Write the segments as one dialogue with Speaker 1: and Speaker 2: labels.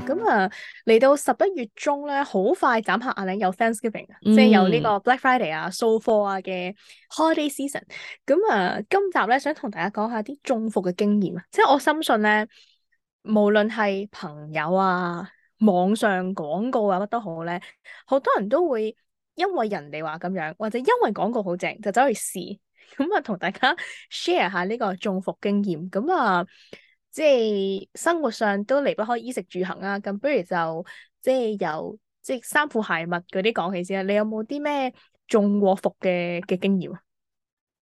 Speaker 1: 咁啊，嚟到十一月中咧，好快眨下眼咧、嗯，有 Thanksgiving，即係有呢個 Black Friday 啊、掃、so、貨啊嘅 holiday season。咁啊，今集咧想同大家講下啲中伏嘅經驗啊，即係我深信咧，無論係朋友啊、網上廣告啊乜都好咧，好多人都會因為人哋話咁樣，或者因為廣告好正就走去試。咁啊，同大家 share 下呢個中伏經驗。咁啊～即係生活上都離不開衣食住行啊，咁不如就即係由即係衫褲鞋襪嗰啲講起先啦。你有冇啲咩中過伏嘅嘅經驗啊？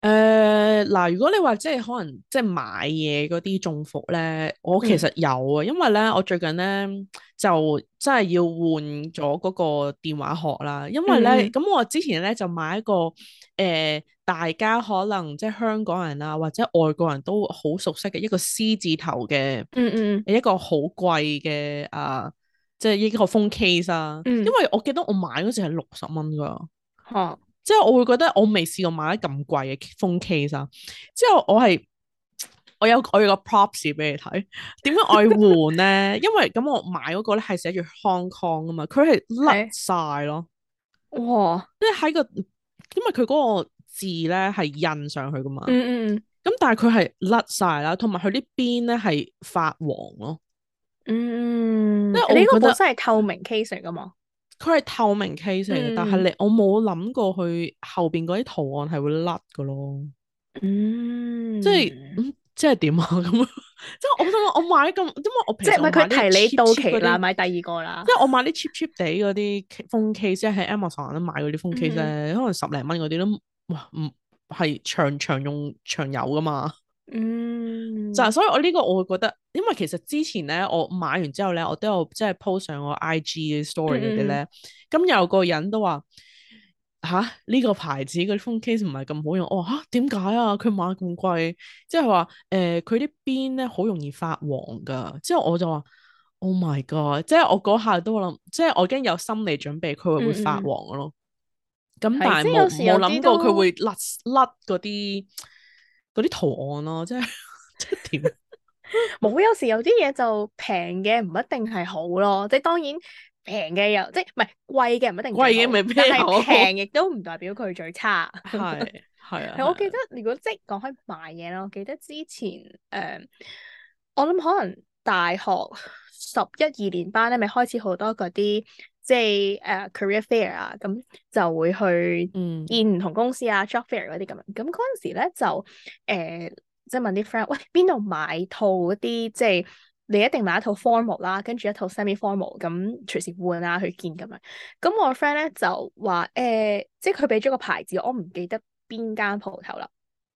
Speaker 1: 誒嗱、呃，如果你話即係可能即係買
Speaker 2: 嘢嗰啲中伏咧，嗯、我其實有啊，因為咧我最近咧就真係要換咗嗰個電話殼啦，因為咧咁、嗯、我之前咧就買一個誒、呃，大家可能即係香港人啊或者外國人都好熟悉嘅一個 C 字頭嘅，嗯嗯，一個好貴嘅啊，即係一個 phone case 啊，嗯、因為我記得我買嗰時係六十蚊噶，吓、嗯。即係我會覺得我未試過買得咁貴嘅 phone case 啊！之後我係我有我有個 props 俾你睇，點解我要換咧？ 因為咁我買嗰個咧係寫住 Hong Kong 啊嘛，佢係甩晒咯。哇！即係喺個因為佢嗰個字咧係印上去噶嘛。咁、嗯嗯、但係佢係甩晒啦，同埋佢呢邊咧係發黃咯。
Speaker 1: 嗯。
Speaker 2: 因為我覺得個本身
Speaker 1: 係透明 case 嚟噶嘛？
Speaker 2: 佢係透明 case 嚟嘅，但係你我冇諗過去後邊嗰啲圖案係會甩嘅咯。嗯，
Speaker 1: 即係即係
Speaker 2: 點啊？咁即係我想我買咁，因為我，平時我即係唔係佢提你到期啦，些買第二個啦。因為我買啲 cheap cheap 啲嗰啲 phone case 即係喺 Amazon 都買嗰啲 phone case，可能十零蚊嗰啲都哇唔係長長用長有噶嘛。嗯，就係所以我呢個我會覺得，因為其實之前咧我買完之後咧，我都有即係 post 上我 IG story 嗰啲咧，咁有個人都話吓呢個牌子嗰啲 phone case 唔係咁好用，我話吓點解啊？佢買咁貴，即係話誒佢啲邊咧好容易發黃噶，之後我就話 oh my god，即係我嗰下都諗，即係我已經有心理準備佢會會發黃咯，咁但係我冇諗過佢會甩甩嗰啲。嗰啲圖案咯、啊，即係即係點？
Speaker 1: 冇 有，有時有啲嘢就平嘅唔一定係好咯，即係當然平嘅又即係唔係貴嘅唔一定貴嘅咪平，未必但係平亦都唔代表佢最差。係係 啊， 我記得、啊、如果即係講開買嘢咯，我記得之前誒、呃，我諗可能大學十一二年班咧，咪開始好多嗰啲。即係誒、uh, career fair 啊，咁就會去見唔同公司啊 job fair 嗰啲咁樣。咁嗰陣時咧就誒、呃，即係問啲 friend 喂，邊度買套嗰啲，即係你一定買一套 formal 啦，跟住一套 semi formal，咁隨時換啊去見咁樣。咁我個 friend 咧就話誒、呃，即係佢俾咗個牌子，我唔記得邊間鋪頭啦。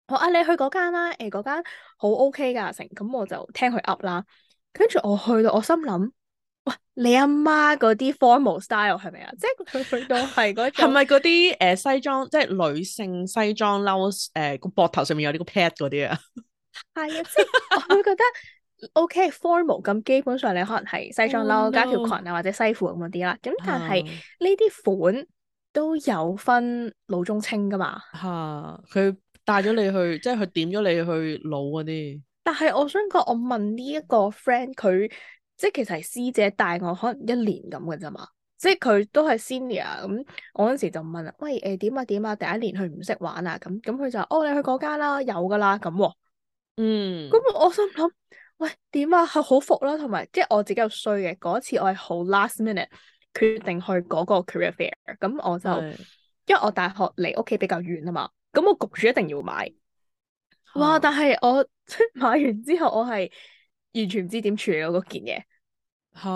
Speaker 1: 我話啊你去嗰間啦，誒嗰間好 OK 噶、啊、成。咁我就聽佢 up 啦，跟住我去到我心諗。喂，你阿媽嗰啲 formal style 係咪啊？即係佢都係嗰種，係咪
Speaker 2: 嗰啲誒西裝，即係女性西裝褸誒、呃、個膊頭上面有啲個 pad 嗰啲啊？係啊， 即
Speaker 1: 係我會覺得 O、okay, K formal 咁，基本上你可能係西裝褸、oh, no. 加條裙啊，或者西褲咁嗰啲啦。咁但係呢啲款都有分老中青噶嘛？吓，
Speaker 2: 佢帶咗你去， 即係佢點咗你去老嗰啲。
Speaker 1: 但係我想講，我問呢一個 friend 佢。即係其實係師姐帶我可能一年咁嘅啫嘛，即係佢都係 senior 咁，我嗰時就問啦，喂誒點、欸、啊點啊，第一年去唔識玩啊咁，咁佢就哦你去嗰間啦，有㗎啦咁、哦、嗯，咁我心諗喂點啊係好服啦、啊，同埋即係我自己又衰嘅嗰次我係好 last minute 決定去嗰個 career fair，咁我就、嗯、因為我大學離屋企比較遠啊嘛，咁我焗住一定要買，嗯、哇！但係我即係買完之後我係完全唔知點處理嗰件嘢。吓，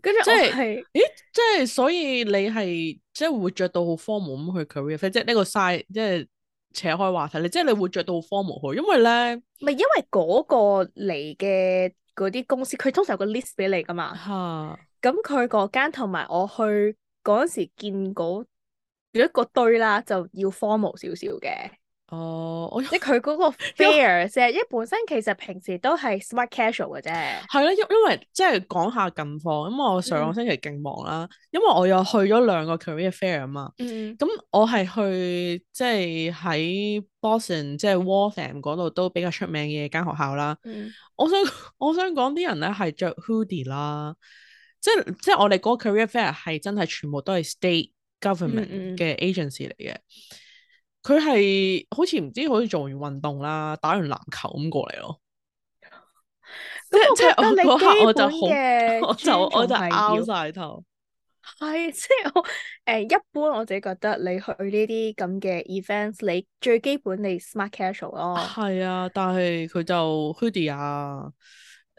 Speaker 1: 跟住即係，
Speaker 2: 咦，即係所以你係即係會着到好 formal 咁去 career 即係呢個 side 即係扯開話題，你即係你會着到好 formal 去，因為咧，
Speaker 1: 咪因為嗰個嚟嘅嗰啲公司，佢通常有個 list 俾你噶嘛，吓、啊，咁佢嗰間同埋我去嗰陣時見嗰如果個堆啦，就要 formal 少少嘅。哦，uh, 即佢嗰個 fair 啫，因為本身其實平時都係 smart casual 嘅啫。
Speaker 2: 係咯，因為因為即係講下近況，咁我上個星期勁忙啦，嗯、因為我又去咗兩個 career fair 嘛。咁、嗯、我係去即係喺 Boston，即係 Waltham 嗰度都比較出名嘅間學校啦。嗯、我想我想講啲人咧係着 hoodie 啦，即係即係我哋嗰個 career fair 係真係全部都係 state government 嘅 agency 嚟嘅、嗯嗯。佢係好似唔知可以做完運動啦，打完籃球咁過嚟
Speaker 1: 咯。咁即係嗰刻，我就好，我就我就拗晒頭。係即係我誒，一般我自己覺得你去呢啲咁嘅 events，你最基本你 smart casual 咯。
Speaker 2: 係啊，但係佢就 hoodie 啊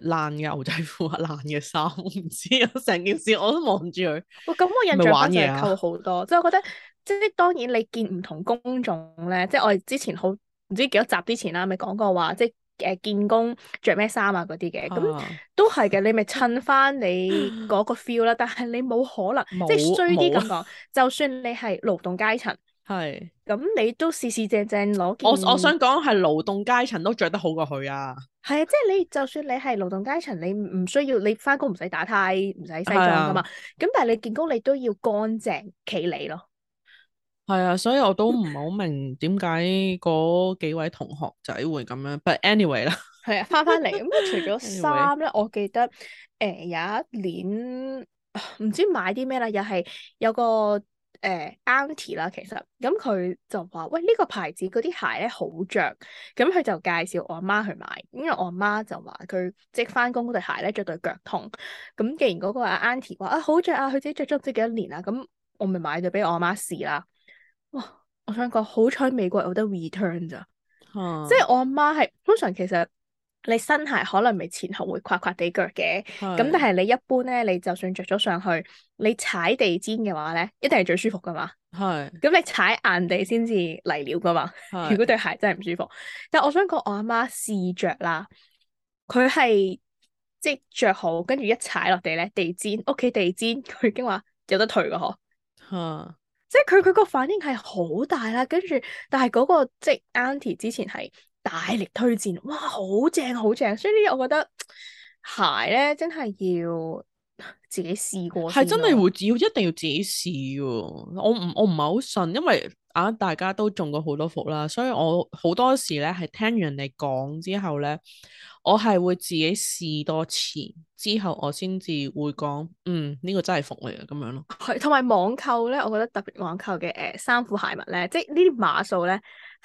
Speaker 2: 爛嘅牛仔褲啊，爛嘅衫，我唔知啊，成件事
Speaker 1: 我都望住佢。哇！咁我印象玩就扣好多，即係我覺得。即係當然，你見唔同工種咧，即係我哋之前好唔知幾多集之前啦、啊，咪講過話，即係誒見工着咩衫啊嗰啲嘅，咁、啊、都係嘅，你咪襯翻你嗰個 feel 啦。但係你冇可能，沒即係衰啲咁講，沒 就算你係勞動階層，係咁是你都四四正正攞。我我想
Speaker 2: 講係勞動階層都着得好過佢啊。
Speaker 1: 係啊，即係你就算你係勞動階層，你唔需要你返工唔使打呔、唔使西裝㗎嘛。咁、哎、呀但係你見工你都要乾淨企理咯。
Speaker 2: 係啊，所以我都唔係好明點解嗰幾位同學仔會咁樣。But anyway 啦，
Speaker 1: 係 啊，翻返嚟咁除咗衫咧，我記得誒、呃、有一年唔知買啲咩啦，又係有個誒 auntie、呃、啦，其實咁佢、嗯、就話：喂，呢、呢個牌子嗰啲鞋咧好着。嗯」咁佢就介紹我阿媽，媽去買，因為我阿媽，媽就話佢即係翻工嗰對鞋咧着對腳痛。咁、嗯、既然嗰個阿 auntie 話啊好着啊，佢、啊、自己着足唔知幾多年啦、啊，咁、嗯、我咪買咗俾我阿媽，媽試啦。我想講，好彩美國有得 return 咋，嗯，即係我阿媽係通常其實你新鞋可能咪前後會闊闊地腳嘅，咁是但係你一般咧，你就算着咗上去，你踩地氈嘅話咧，一定係最舒服噶嘛。係咁是你踩硬地先至嚟料噶嘛。是如果對鞋真係唔舒服，但係我想講我阿媽試着啦，佢係即着好跟住一踩落地咧地氈，屋企地氈，佢已經話有得退噶呵。嗯即係佢佢個反應係好大啦，跟住，但係嗰個即係 Auntie 之前係大力推薦，哇，好正好正，所以呢啲我覺得鞋咧真係要。自己試過，係真係
Speaker 2: 會要一定要自己試噶。我唔我唔係好信，因為啊，大家都中過好多伏啦，所以我好多時咧係聽完人哋講之後咧，我係會自己試多次之後我，我先至會講嗯呢、這個真係伏嚟啊咁樣咯。
Speaker 1: 係同埋網購咧，我覺得特別網購嘅誒，衫、呃、褲鞋襪咧，即係呢啲碼數咧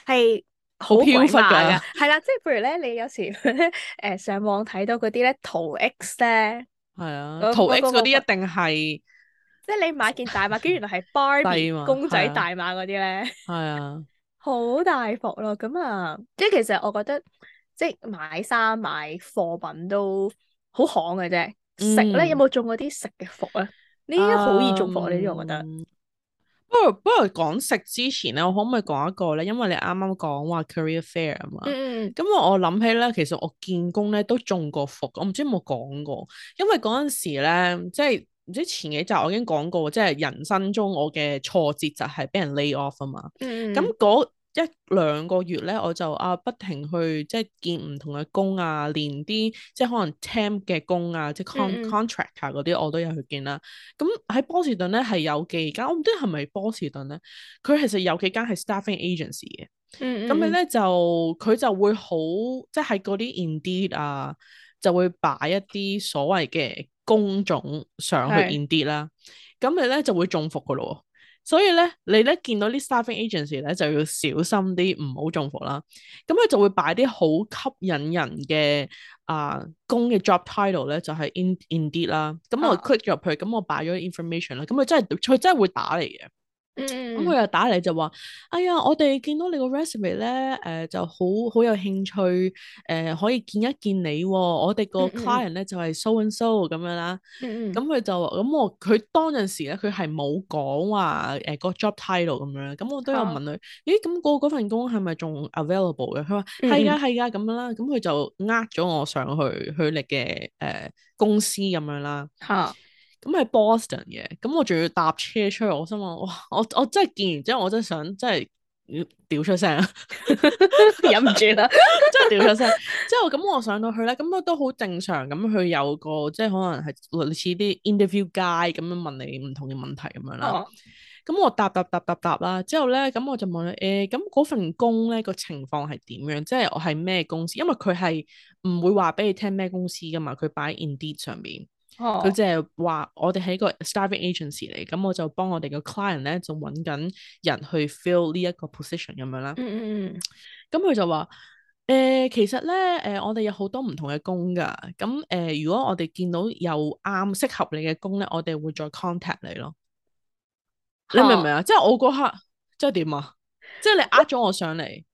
Speaker 1: 係好飄忽噶，係啦， 即係譬如咧，你有時誒、呃、上網睇到嗰啲咧，圖 X 咧。
Speaker 2: 係啊，淘 X 嗰啲一定係，哦哦
Speaker 1: 哦、即係你買件大碼，跟 原來係 Barbie 公仔大碼嗰啲咧，係啊，好、 啊、大伏咯、啊。咁啊，即係其實我覺得，即係買衫買貨品都好巷嘅啫。嗯、食咧有冇中過啲食嘅伏咧？呢啲好易中伏呢啲，嗯、我覺
Speaker 2: 得。不如不如講食之前咧，我可唔可以講一個咧？因為你啱啱講話 career fair 啊嘛，咁、mm hmm. 嗯、我諗起咧，其實我見工咧都中過伏，我唔知有冇講過。因為嗰陣時咧，即係唔知前幾集我已經講過，即係人生中我嘅挫折就係俾人 lay off 啊嘛。咁、mm hmm. 嗯那個一兩個月咧，我就啊不停去即係見唔同嘅工啊，連啲即係可能 temp 嘅工啊，即係 con,、mm hmm. contract 啊嗰啲，我都有去見啦。咁喺波士頓咧係有幾間，我唔知係咪波士頓咧，佢其實有幾間係 staffing agency 嘅。咁、mm hmm. 你咧就佢就會好，即係喺嗰啲 Indeed 啊，就會擺一啲所謂嘅工種上去 Indeed 啦。咁、mm hmm. 你咧就會中伏噶咯。所以咧，你咧見到啲 staffing agency 咧就要小心啲，唔好中伏啦。咁佢就會擺啲好吸引人嘅啊、呃、工嘅 job title 咧，就係 in Indeed 啦。咁我 click 入去，咁、啊、我擺咗 information 啦。咁佢真係佢真係會打嚟嘅。咁佢又打嚟就話，哎呀，我哋見到你個 resume 咧，誒、呃，就好好有興趣，誒、呃，可以見一見你，喔。我哋個 client 咧、嗯嗯、就係 so and so 咁樣啦。咁佢就，咁我佢當陣時咧，佢係冇講話，誒，個 job title 咁樣。咁我都有問佢，咦、呃，咁個嗰份工係咪仲 available 嘅？佢話係啊係啊咁、啊、樣啦。咁佢就呃咗我上去佢哋嘅誒公司咁樣啦。嗯咁喺 Boston 嘅，咁、嗯嗯、我仲要搭車出，我心諗哇，我我真係見完之後，我真係想真係屌出聲啊，忍唔住啦，真係屌出聲。之後咁、嗯、我上到去咧，咁都好正常。咁佢有個即係可能係類似啲 interview guide 咁樣問你唔同嘅問題咁樣啦。咁、哦嗯、我答答答答答啦。之後咧，咁、嗯、我就問佢誒，咁、欸、嗰、嗯、份工咧個情況係點樣？即係我係咩公司？因為佢係唔會話俾你聽咩公司噶嘛，佢擺 Indeed 上邊。佢即係話，哦、我哋喺一個 staffing agency 嚟，咁我就幫我哋個 client 咧，就揾緊人去 fill 呢一個 position 咁樣啦。嗯嗯嗯。咁佢就話，誒、呃，其實咧，誒、呃，我哋有好多唔同嘅工噶，咁、呃、誒，如果我哋見到有啱適合你嘅工咧，我哋會再 contact 你咯。哦、你明唔明啊？即係我嗰刻，即係點啊？ 即係你呃咗我上嚟？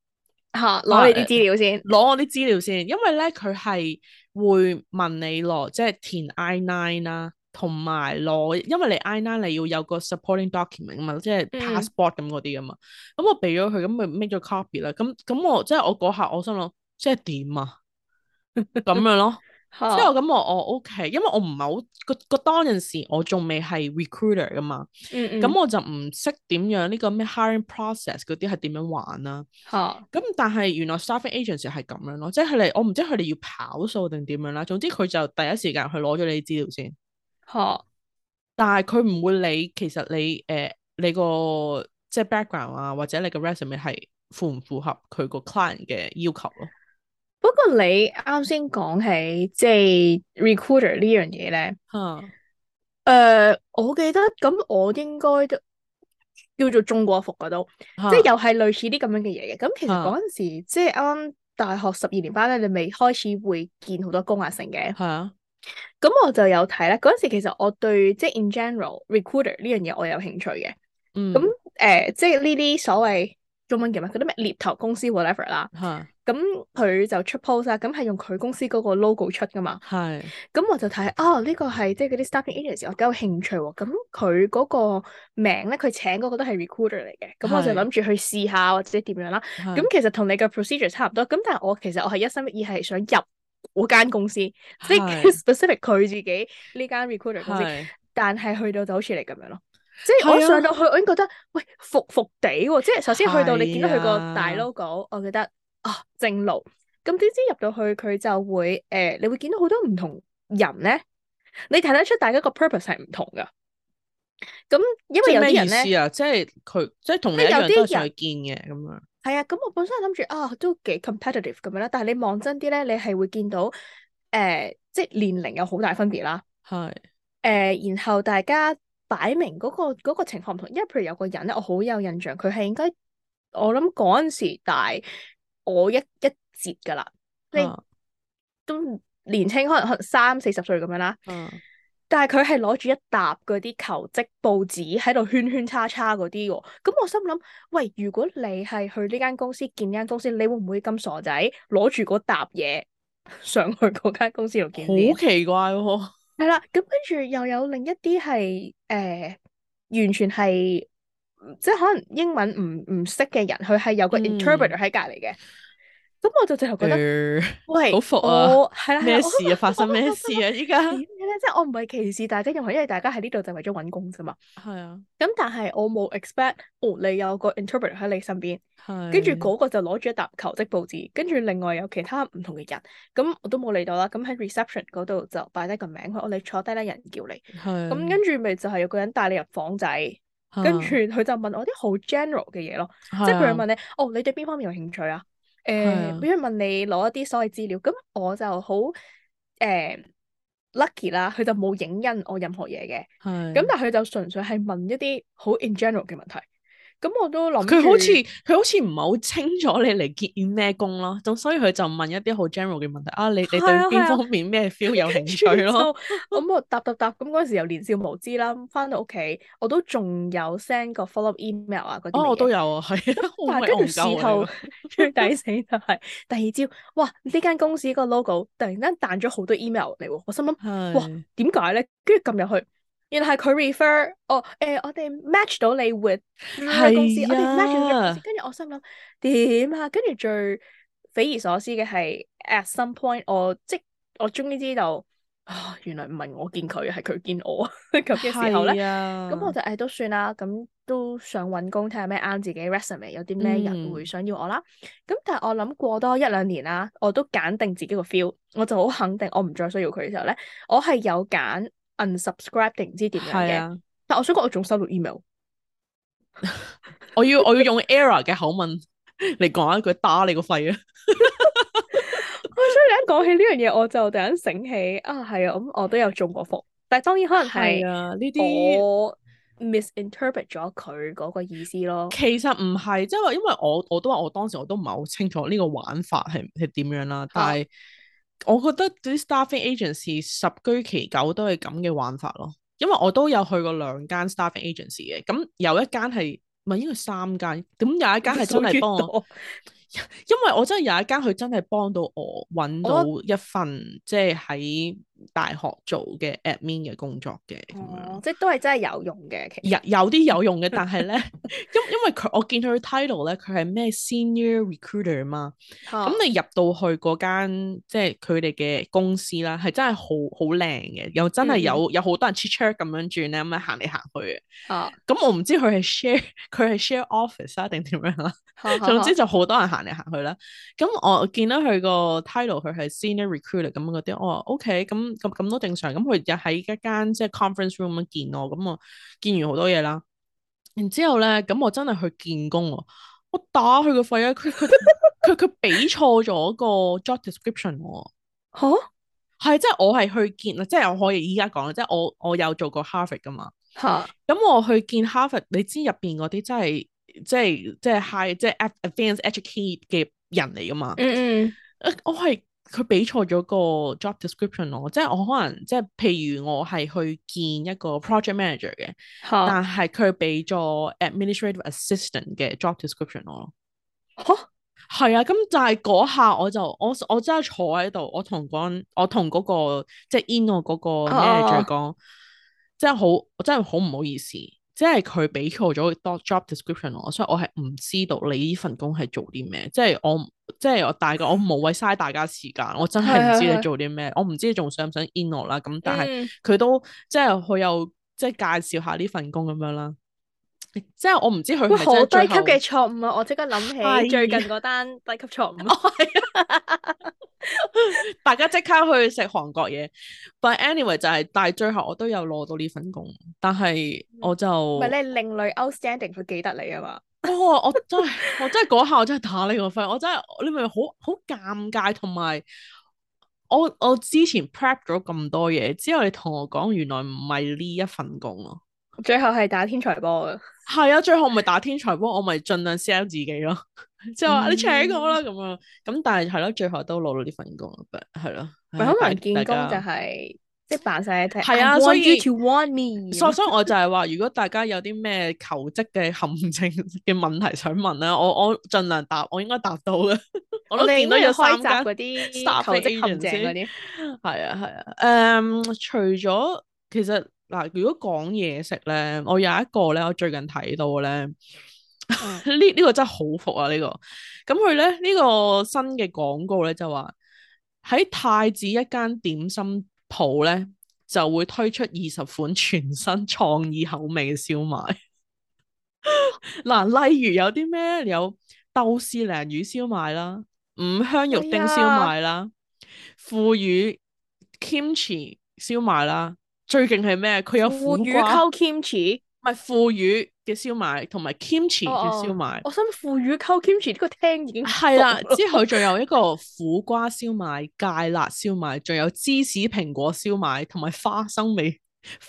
Speaker 1: 吓，攞、嗯、你啲資料先，
Speaker 2: 攞、啊、我啲資料先，因為咧佢係會問你攞，即、就、係、是、填 I nine 啦，同埋攞，因為你 I nine 你要有個 supporting document 啊嘛，即、就、係、是、passport 咁嗰啲啊嘛，咁、嗯嗯、我俾咗佢，咁、嗯、咪 make 咗 copy 啦，咁咁我即係、就是、我嗰下我心諗，即係點啊？咁 樣咯。 即係我咁我我 OK，因為我唔係好個個當陣時我仲未係 recruiter 噶嘛，咁、嗯嗯、我就唔識點樣呢、這個咩 hiring process 嗰啲係點樣玩啦。咁呵但係原來 staffing agency 係咁樣咯，即係嚟我唔知佢哋要跑數定點樣啦。總之佢就第一時間去攞咗你資料先。吓呵，但係佢唔會理其實你誒、呃、你個即係 background 啊或者你個 resume 係符唔符合佢個 client 嘅要求咯、啊。
Speaker 1: 不過你啱先講起即係、就是、recruiter 呢樣嘢咧，吓、啊，誒、呃，我記得咁我應該都叫做中過一伏噶、啊、即係又係類似啲咁樣嘅嘢嘅。咁其實嗰陣時、啊、即係啱大學十二年班咧，你未開始會見好多高壓性嘅，係啊。咁、啊、我就有睇咧，嗰陣時其實我對即係 in general recruiter 呢樣嘢我有興趣嘅，嗯。咁誒、呃，即係呢啲所謂。中文叫咩？啲咩獵頭公司 whatever 啦，咁佢是就出 post 啦，咁係用佢公司嗰個 logo 出噶嘛。係是，咁我就睇，哦呢個係即係嗰啲 staffing agents，我幾有興趣。咁佢嗰個名咧，佢請嗰個都係 recruiter 嚟嘅。咁我就諗住去試下或者點樣啦。咁是其實同你嘅 procedure 差唔多。咁但係我其實我係一心一意係想入嗰間公司，是即係 specific 佢自己呢間 recruiter 公司。是但係去到就好似你咁樣咯。即係我上到去，啊、我已經覺得，喂，服服地喎、啊。即係首先去到，你見到佢個大 logo，是、啊、我覺得啊，正路。咁點知入到去，佢就會誒、呃，你會見到好多唔同人咧。你睇得出大家個 purpose 係唔同噶。咁因為有啲人呢，咩意思
Speaker 2: 啊？即係佢即係同你有啲人係見嘅
Speaker 1: 咁樣。係啊，咁我本身諗住啊，都幾 competitive 咁樣啦。但係你望真啲咧，你係會見到誒、呃，即係年齡有好大分別啦。係的。誒、呃，然後大家。擺明嗰、那個那個情況唔同，因為譬如有個人咧，我好有印象，佢係應該我諗嗰陣時大我一一截噶啦，啊、你都年輕，可能可能三四十歲咁樣啦。啊、但係佢係攞住一沓嗰啲求職報紙喺度圈圈叉叉嗰啲喎，咁我心諗，喂，如果你係去呢間公司見呢間公司，你會唔會咁傻仔攞住嗰沓嘢
Speaker 2: 上去嗰間公司度見？好奇怪喎、哦！
Speaker 1: 係啦，咁跟住又有另一啲係，誒， 完全係，即係可能英文唔唔識嘅人，佢係有個 interpreter 喺隔籬嘅。咁我就最後覺得，喂，好服啊！咩事啊？發生咩事啊？依家點咧？即係我唔係歧視大家任何人，因為大家喺呢度就為咗揾工啫嘛。係啊。咁但係我冇 expect，哦，你有個 interpreter 喺你身邊，跟住嗰個就攞住一沓求職報紙，跟住另外有其他唔同嘅人。咁我都冇理到啦。咁喺 reception 嗰度就擺低個名，佢我哋坐低啦，人叫你。係。咁跟住咪就係有個人帶你入房仔，跟住佢就問我啲好 general 嘅嘢咯，即係佢就問你，哦，你對邊方面有興趣啊？誒，因為、呃、Yeah. 問你攞一啲所謂資料，咁我就好誒 lucky 啦，佢就冇影印我任何嘢嘅。咁 Yeah. 但係佢就純粹係問一啲好 in general 嘅問題。咁我都諗佢好似
Speaker 2: 佢好似唔係好清楚你嚟見咩工咯，咁所以佢就問一啲好 general 嘅問題啊，你你對邊方面咩 feel 有興趣咯？咁、啊
Speaker 1: 啊嗯、我答答答，咁嗰陣時又年少無知啦，返到屋企我都仲有 send 個 follow email 啊嗰啲。哦、啊，我都有啊，係、啊。但係、啊、跟住事後最抵死就係、是、第二朝，哇！呢間公司個 logo 突然間彈咗好多 email 嚟喎，我心諗是哇點解咧？跟住撳入去。原嚟係佢 refer，哦，誒、呃，我哋 match 到你 with 佢間公司，啊、我哋 match 咗間公司，跟住我心諗點啊？跟住最匪夷所思嘅係 at some point，我即我終於知道啊、哦，原來唔係我見佢，係佢見我咁嘅 時候咧。咁、啊、我就誒、哎、都算啦，咁都想搵工睇下咩啱自己 resume，有啲咩人會想要我啦。咁、嗯、但係我諗過多一兩年啦，我都揀定自己個 feel，我就好肯定我唔再需要佢嘅時候咧，我係有揀。unsubscribe 定唔知點樣嘅，not, 啊、但我想講我仲收到 email，
Speaker 2: 我要 我要用 error 嘅口吻嚟講一句打你個肺
Speaker 1: 啊！ 我真係一講起呢樣嘢，我就突然醒起啊，係啊，咁我都有中過伏，但係當然可能係啊呢啲，我 misinterpret 咗佢嗰個意思咯。其實唔係，即係話，因為
Speaker 2: 我我都話我當時我都唔係好清楚呢個玩法係係點樣啦，啊、但係。我覺得啲 staffing agency 十居其九都係咁嘅玩法咯，因為我都有去過兩間 staffing agency 嘅，咁有一間係唔係應該三間？咁有一間係真係幫到我？ 因為我真係有一間佢真係幫到我搵到一份，即係喺。大學做嘅 admin 嘅工作嘅，
Speaker 1: 哦，樣即係都係真係有用嘅，其實
Speaker 2: 有有啲有用嘅，哈哈但係咧， 因因為佢我見佢嘅 title 咧，佢係咩 senior recruiter 啊嘛，
Speaker 1: 咁、哦嗯、你
Speaker 2: 入到去嗰間即係佢哋嘅公司啦，係真係好好靚嘅，又真係有有好多人 check check 咁樣轉咧咁、哦嗯、樣行嚟行去嘅，咁我唔知佢係 share 佢係 share office 啊定點樣啦， 總之就好多人行嚟行去啦，咁、嗯嗯、我見到佢個 title 佢係 senior recruiter 咁嗰啲，哦、okay，我話、哦、ok 咁。咁咁都正常，咁佢又喺一間即係 conference room 咁樣見我，咁我見完好多嘢啦。然之後咧，咁我真係去見工，我打佢個肺，啊！佢佢佢俾錯咗個 job description 喎。吓 Huh?，係即係我係去見啊，即係我可以依家講即係我我有做過 Harvard 噶嘛。吓，咁我去見 Harvard，你知入邊嗰啲真係即係即係 high 即係 advanced education 嘅人嚟噶嘛？嗯嗯、mm，hmm. 我係。佢俾錯咗個 job description 我，即係我可能即係譬如我係去見一個 project manager 嘅，oh. 但係佢俾咗 administrative assistant 嘅 job description 我咯。嚇，係啊，咁但係嗰下我就我我真係坐喺度，我同講、嗰個、我同嗰、嗰個即係 in 我嗰個 manager 講，即係好、oh. 我真係好唔好意思，即係佢俾錯咗個 job description 我，所以我係唔知道你呢份工係做啲咩，即係我。即係我大個，我無謂嘥大家時間，我真係唔知你做啲咩， 我唔知你仲想唔想 in 我啦。咁但係佢都即係佢又即係介紹下呢份工咁樣啦。即係我唔知佢係咪真係好低級嘅
Speaker 1: 錯誤啊！我即刻諗起 最近嗰單低級錯誤。 大家即
Speaker 2: 刻去食韓國嘢。But anyway 就係、是，但係最後我都有攞到呢份工，但係我就唔係、嗯、你
Speaker 1: 另類 outstanding，佢記得你啊嘛？ 我真係，我真
Speaker 2: 係嗰下我真係打你個分，我真係你咪好好尷尬，同埋我我之前 prep 咗咁多嘢之後，你同我講原來唔係呢一份工咯。
Speaker 1: 最後係打天才波
Speaker 2: 嘅，係啊，最後咪打天才波，我咪盡量 sell 自己咯。
Speaker 1: 就話你請我啦，咁樣，
Speaker 2: 咁但係係咯，最後都攞到呢份工，係咯，好但但能見工就係即
Speaker 1: 係扮晒。係家啊，所以 You 以 want me 所所以我
Speaker 2: 就係話， 如果大家有啲咩求職嘅陷阱嘅問題想問咧， 我我盡量答，我應該答到啦。
Speaker 1: 我都見到你有三間嗰啲求職陷阱嗰啲，
Speaker 2: 係啊係啊。誒、嗯，除咗其實。其實嗱，如果講嘢食咧，我有一個咧，我最近睇到咧，呢呢、嗯 呢個呢個真係好服啊！呢個、呢個咁佢咧呢個新嘅廣告咧就話喺太子一間點心鋪咧就會推出二十款全新創意口味嘅燒賣。嗱、 啊，例如有啲咩有豆豉鯪魚燒賣啦、五香肉丁燒賣啦、哎、呀腐乳 kimchi 燒賣啦。最勁係咩？佢有腐乳溝 kimchi，唔係腐乳嘅燒賣，同埋 kimchi 嘅燒賣。哦、我
Speaker 1: 想腐乳溝 kimchi 呢個聽已經係啦、哦，之後仲
Speaker 2: 有一個苦瓜燒賣、芥辣燒賣，仲有芝士蘋果燒賣，同埋花生味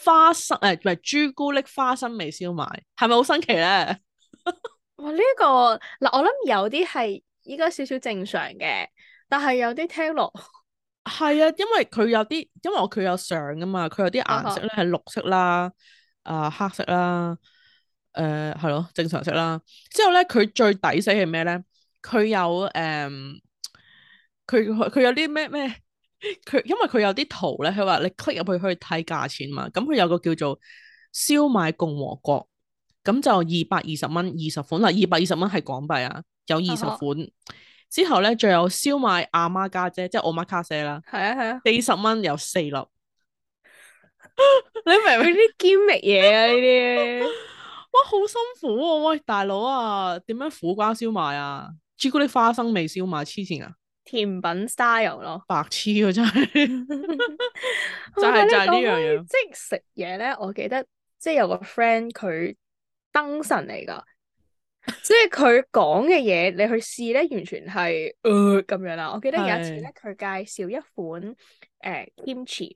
Speaker 2: 花生誒，唔、呃、唔係朱古力花生味燒賣，係咪好新奇咧？
Speaker 1: 哇、 哦！呢、這、一個嗱、呃，我諗有啲係依家少少正常嘅，但係有啲聽落。係
Speaker 2: 啊，因為佢有啲，因為佢有相噶嘛，佢有啲顏色咧係綠色啦，啊、呃、黑色啦，誒係咯，正常色啦。之後咧佢最抵死係咩咧？佢有誒，佢、嗯、佢有啲咩咩，佢因為佢有啲圖咧，佢話你 click 入去可以睇價錢嘛。咁佢有個叫做燒賣共和國，咁就二百二十蚊二十款啦，二百二十蚊係港幣啊，有二十款。嗯之後咧，仲有燒賣阿媽家姐，即係我媽卡姐啦。係啊係啊，四十蚊有四粒。你明唔明啲堅味嘢啊？呢啲哇好辛苦喎！喂大佬啊，點樣苦瓜燒賣啊？朱古力花生味燒賣黐線啊？
Speaker 1: 甜品 style 咯、
Speaker 2: 啊，白痴啊真係， 就係真係呢樣嘢。即
Speaker 1: 係食嘢咧，我記得即係有個 friend 佢燈神嚟噶。即係佢講嘅嘢，你去試咧，完全係誒咁樣啦。我記得有一次咧，佢是介紹一款誒、呃、kimchi，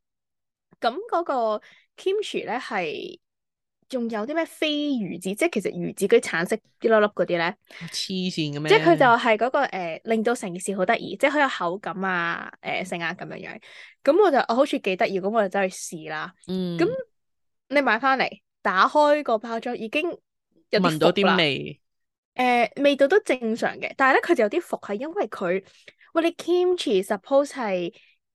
Speaker 1: 咁嗰個 kimchi 咧係仲有啲咩非魚子，即係其實魚子嗰啲橙色一粒粒嗰啲咧，黐線咁樣。即係佢就係嗰個誒令到成件事好得意，即係好有口感啊，誒性啊咁樣樣。咁我就我、哦、好似幾得意，咁我就走去試啦。嗯。咁你買翻嚟，打開個包裝已經
Speaker 2: 聞到啲味。
Speaker 1: 誒、呃，味道都正常嘅，但係咧佢就有啲伏，係因為佢喂你 kimchi suppose 係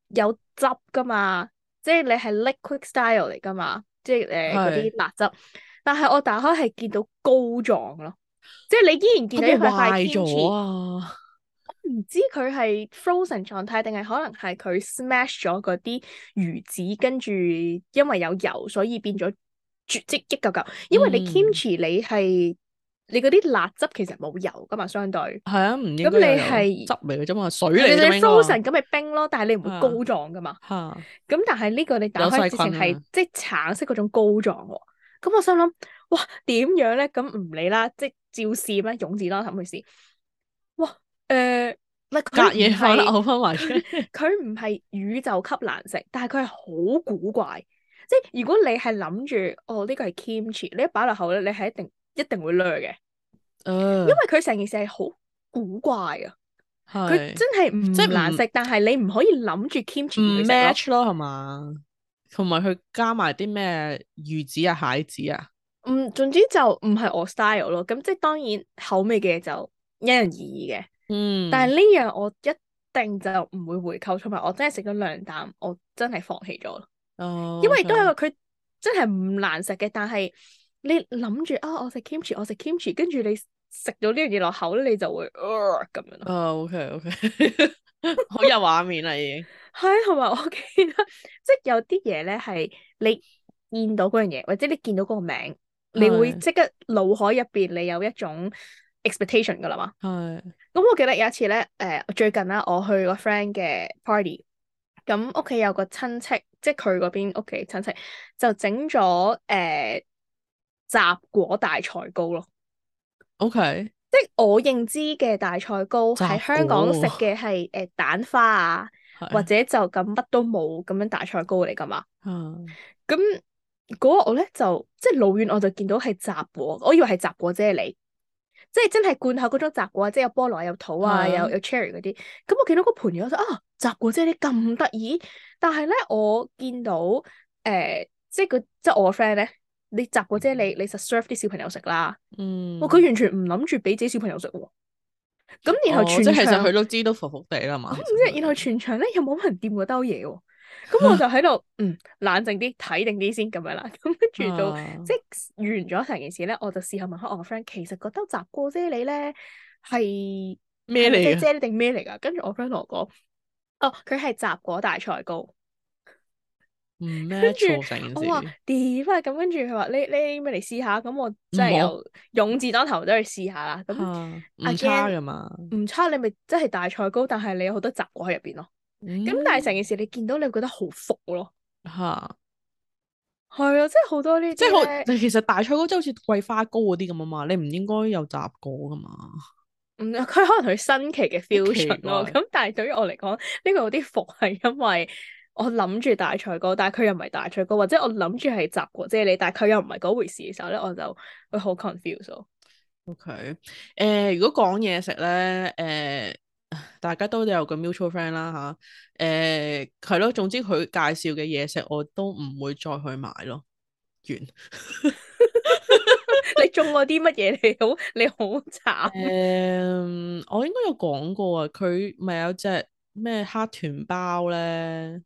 Speaker 1: 有汁㗎嘛，即係你係 liquid style 嚟㗎嘛，是即係誒嗰啲辣汁，但係我打開係見到膏狀咯，即係你依然見到佢塊咗。i 唔、啊、知佢係 frozen 狀態定係可能係佢 smash 咗嗰啲魚子，跟住因為有油所以變咗即係一嚿嚿，因為你 kimchi、嗯、你係。你嗰啲辣汁其實冇油噶嘛，相對
Speaker 2: 係啊，唔應你有汁味嘅啫嘛，水嚟。其實你 Frozen
Speaker 1: 咁咪冰咯，但係你唔會膏狀噶嘛。嚇！咁但係呢個你打開之前係即係橙色嗰種膏狀喎。咁我心諗，哇，點樣咧？咁唔理啦，即係照試咩，勇字當頭去試。哇！好唔係佢唔係宇宙級難食，但係佢係好古怪。即係如果你係諗住哦，呢個係 Kimchi，你一擺落口咧，你係一定。一定會掠嘅，uh, 因為佢成件事係好古怪啊，佢，是真係唔真唔難食，嗯、但係你唔可以諗住 match 咯
Speaker 2: 係嘛，同埋佢加埋啲咩魚子啊蟹子
Speaker 1: 啊，嗯，總之就唔係我 style 咯，咁即係當然口味嘅嘢，就因人而異嘅，嗯，但係呢樣我一定就唔會回購，同埋我真係食咗兩啖，我真係放棄咗咯，
Speaker 2: 哦，因為都係
Speaker 1: 佢真係唔難食嘅，但係。你諗住啊，我食 kimchi，我食 kimchi，跟住你食到呢樣嘢落口咧，你就會咁、呃、樣咯。o、oh, k OK，, okay.
Speaker 2: 好有畫面啦， 已
Speaker 1: 經。係，同埋我記得，即係有啲嘢咧，係你見到嗰樣嘢，或者你見到嗰個名，是你會即刻腦海入邊，你有一種 expectation 噶啦嘛。
Speaker 2: 係
Speaker 1: 是。咁我記得有一次咧，誒、呃，最近啦，我去個 friend 嘅 party，咁屋企有個親戚，即係佢嗰邊屋企親戚，就整咗誒。呃雜果大菜糕咯，OK，即係我認知嘅大菜糕喺果香港食嘅係誒蛋花啊，是或者就咁乜都冇咁樣大菜糕嚟噶嘛。咁嗰、嗯嗰個我咧就即係老遠，我就見到係雜果，我以為係雜果啫，你即係真係罐頭嗰種雜果啊，即係有菠蘿有桃啊，是有有 cherry 嗰啲。咁我見到個盤嘢，我話啊雜果啫，你咁得意？但係咧我見到誒、呃，即係個即係我個 friend 咧。你雜果啫喱，你你 serve 啲小朋友食啦。嗯。佢、哦、完全唔諗住俾自己小朋友食喎。咁然後全即其實佢都
Speaker 2: 知都服服地啦。咁
Speaker 1: 然後全場咧、哦、又冇乜人掂嗰兜嘢喎。咁我 就喺度，嗯，冷靜啲，睇定啲先咁樣啦。咁跟住就， 即係完咗成件事咧，我就試下問下我個 friend，其實嗰兜雜果啫喱咧係咩嚟？啫喱定咩嚟啊？跟住我 friend 同我講，哦，佢係雜果大菜糕。跟住我話點啊？咁跟住佢話，你你咪嚟試下？咁我真係有勇字當頭，走去試下啦。咁唔差噶嘛？唔差，你咪真係大菜糕，但係你有好多雜果喺入邊咯。咁但係成件事你見到你會覺得好服咯。吓，係啊，即係好多呢，即係其
Speaker 2: 實大菜糕即係好似桂花糕嗰啲咁啊嘛，你唔應該有雜果噶嘛。
Speaker 1: 嗯，佢可能佢新奇嘅 fusion 咯。咁但係對於我嚟講，呢個有啲服係因為。我諗住大菜哥，但係佢又唔係大菜哥，或者我諗住係集喎，即係你，但係佢又唔係嗰回事嘅時候咧，我就會好 confused 咯。OK，誒、呃，如果講嘢食
Speaker 2: 咧，誒、呃，大家都都有個 mutual friend 啦吓，誒係咯，總之佢介紹嘅嘢食我都唔會再去買咯。完，
Speaker 1: 你中過啲乜嘢？你好你好慘。誒、呃，
Speaker 2: 我應該有講過啊，佢咪有隻咩黑豚包咧？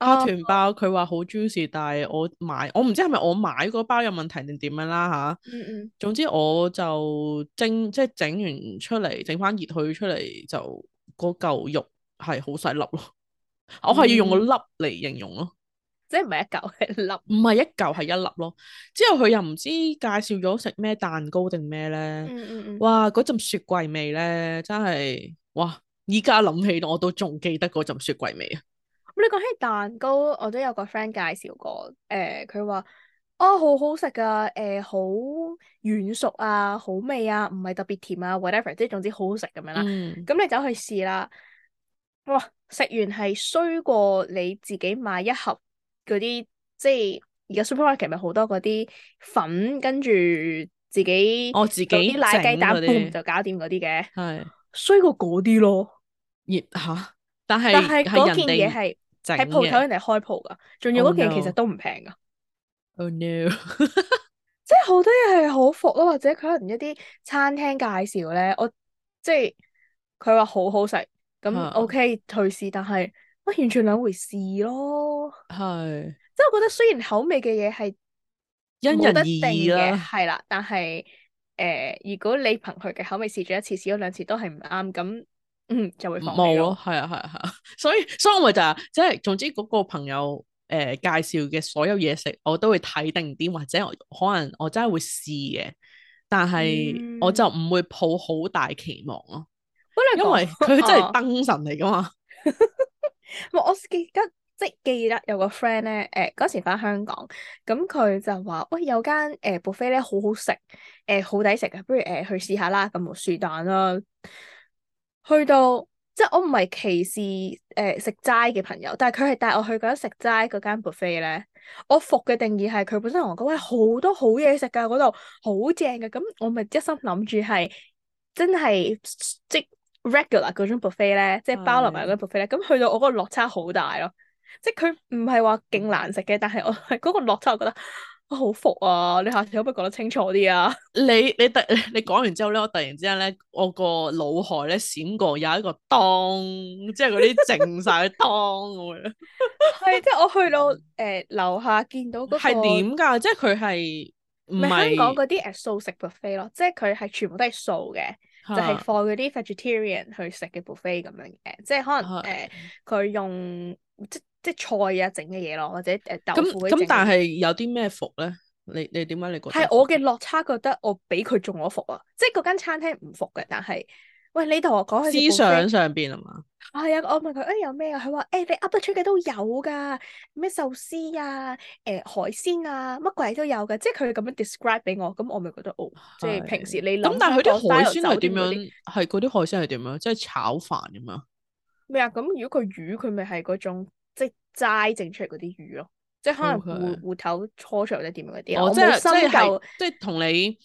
Speaker 2: 阿團包佢話好 juicy，但係我買，我唔知係咪我買嗰包有問題定點樣啦吓。啊、嗯嗯，總之我就蒸即係整完出嚟，整翻熱佢出嚟就個嚿肉係好細粒咯。嗯、我係要用個粒嚟形容咯、嗯。
Speaker 1: 即係唔係一嚿係一粒，
Speaker 2: 唔係一嚿係一粒咯。之後佢又唔知介紹咗食咩蛋糕定咩咧。哇、嗯嗯嗯，嗰陣雪櫃味咧真係哇！依家諗起我都仲記得嗰陣雪櫃味啊。
Speaker 1: 你講起蛋糕，我都有個 friend 介紹過。誒、呃，佢話：哦，好好食㗎，誒、呃，好軟熟啊，好味啊，唔係特別甜啊，whatever，即係總之好好食咁樣啦。咁、嗯、你走去試啦。哇！食完係衰過你自己買一盒嗰啲，即係而家 supermarket 咪好多嗰啲粉，跟住自己哦自己奶雞蛋 b 噗就搞掂嗰啲嘅，係
Speaker 2: 衰過嗰啲咯。熱吓， 但係是但係嗰件嘢係。喺鋪頭人哋
Speaker 1: 開鋪㗎，仲要嗰件其實都唔平㗎。Oh no！ 即係好多嘢係好服咯，或者佢可能一啲餐廳介紹咧，我即係佢話好好食，咁 OK 去 Huh. 試，但係我完全兩回事咯。係，Huh. 即係我覺得雖然口味嘅嘢係
Speaker 2: 因人而定嘅，係
Speaker 1: 啦，但係誒、呃，如果你憑佢嘅口味試咗一次、試咗兩次都係唔啱，咁。嗯，又會冇咯，係啊，係啊，係啊，
Speaker 2: 所以，所以我咪就係、是，即係總之嗰個朋友誒、呃、介紹嘅所有嘢食，我都會睇定啲，或者可能我真係會試嘅，但係我就唔會抱好大期望咯。
Speaker 1: 喂、嗯，你因為佢真係燈神嚟㗎嘛？哦、 我記得即係記得有個 friend 咧，誒、呃、嗰時返香港，咁佢就話：喂，有間誒 buffet 咧好好食，誒好抵食啊，不如誒、呃、去試下啦，咁冇樹蛋啦。.去到即係我唔係歧視誒、呃、食齋嘅朋友，但係佢係帶我去嗰食齋嗰間 buffet 咧。我服嘅定義係佢本身同我講，喂，好多好嘢食噶，嗰度好正嘅。咁我咪一心諗住係真係即 regular 嗰種 buffet 咧，是即係包羅埋嗰種 buffet 咧。咁去到我嗰個落差好大咯，即係佢唔係話勁難食嘅，但係我嗰、嗰個落差我覺得。好服啊！你下次可唔可以講得清楚啲啊？你你
Speaker 2: 突你講完之後咧，我突然之間咧，我個腦海咧閃過有一個當，即係嗰啲靜晒嘅當咁樣。
Speaker 1: 係即係我去到誒、呃、樓下見到嗰、那個係點
Speaker 2: 㗎？即係佢係
Speaker 1: 咪香港嗰啲誒素食 buffet 咯？即係佢係全部都係素嘅，啊、就係放嗰啲 vegetarian 去食嘅 buffet 咁樣嘅，即係可能誒佢、啊呃、用即即係菜啊，整嘅嘢咯，或者誒豆腐咁咁，但係
Speaker 2: 有啲咩服咧？你你點解你覺得係我
Speaker 1: 嘅落差？覺得我俾佢中咗伏啊！即係嗰間餐廳唔服嘅，但係喂，你同我講佢思想上邊啊嘛？係啊，我問佢誒、哎、有咩啊？佢話誒你 up 得出嘅都有噶，咩壽司啊，誒、哎、海鮮啊，乜鬼都有噶。即係佢咁樣 describe 俾我，咁我咪覺得哦，的即係平時你咁但係佢啲海鮮係點樣？
Speaker 2: 係嗰啲海鮮係點樣？即係炒飯咁樣？
Speaker 1: 咩啊？咁如果佢魚佢咪係嗰種？即齋整出嚟嗰啲魚咯，即可能芋芋 Okay. 頭搓長或者點樣嗰啲啊。即係即係即
Speaker 2: 係同你誒、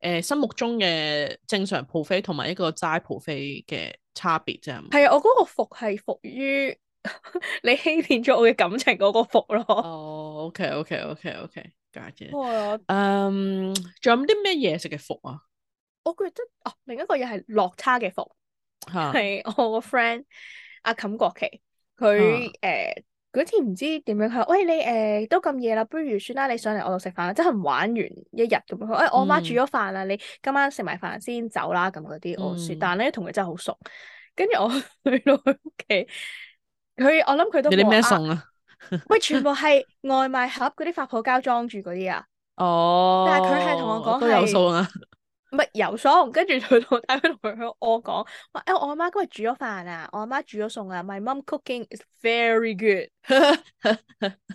Speaker 2: 呃、心目中嘅正常 buffet 同埋一個齋 buffet 嘅差別啫。
Speaker 1: 係啊，我嗰個伏係伏於 你欺
Speaker 2: 騙咗我嘅感情嗰個伏咯。哦，OK，OK，OK，OK，介嘅。係嗯，仲有啲咩嘢食嘅伏啊？
Speaker 1: 我覺得哦，另一個嘢係落差嘅伏，係 Huh? 我個 friend 阿冚國奇。佢誒嗰次唔知點樣，佢話喂，你誒、呃、都咁夜啦，不如算啦，你上嚟我度食飯啦，即係玩完一日咁。佢話喂，欸、我媽煮咗飯啦，嗯、你今晚食埋飯先走啦，咁嗰啲我說。但咧同佢真係好熟，跟住我去到佢屋企，佢我諗佢都冇咩、啊、送啦、啊。喂， 全部係外賣盒嗰啲發泡膠裝住嗰啲啊？哦，但
Speaker 2: 係佢係同我講都有數啊。
Speaker 1: 唔係油松，他跟住佢同我佢同佢我講話，誒我阿媽今日煮咗飯啊，我阿媽煮咗餸啊，my mom cooking is very good。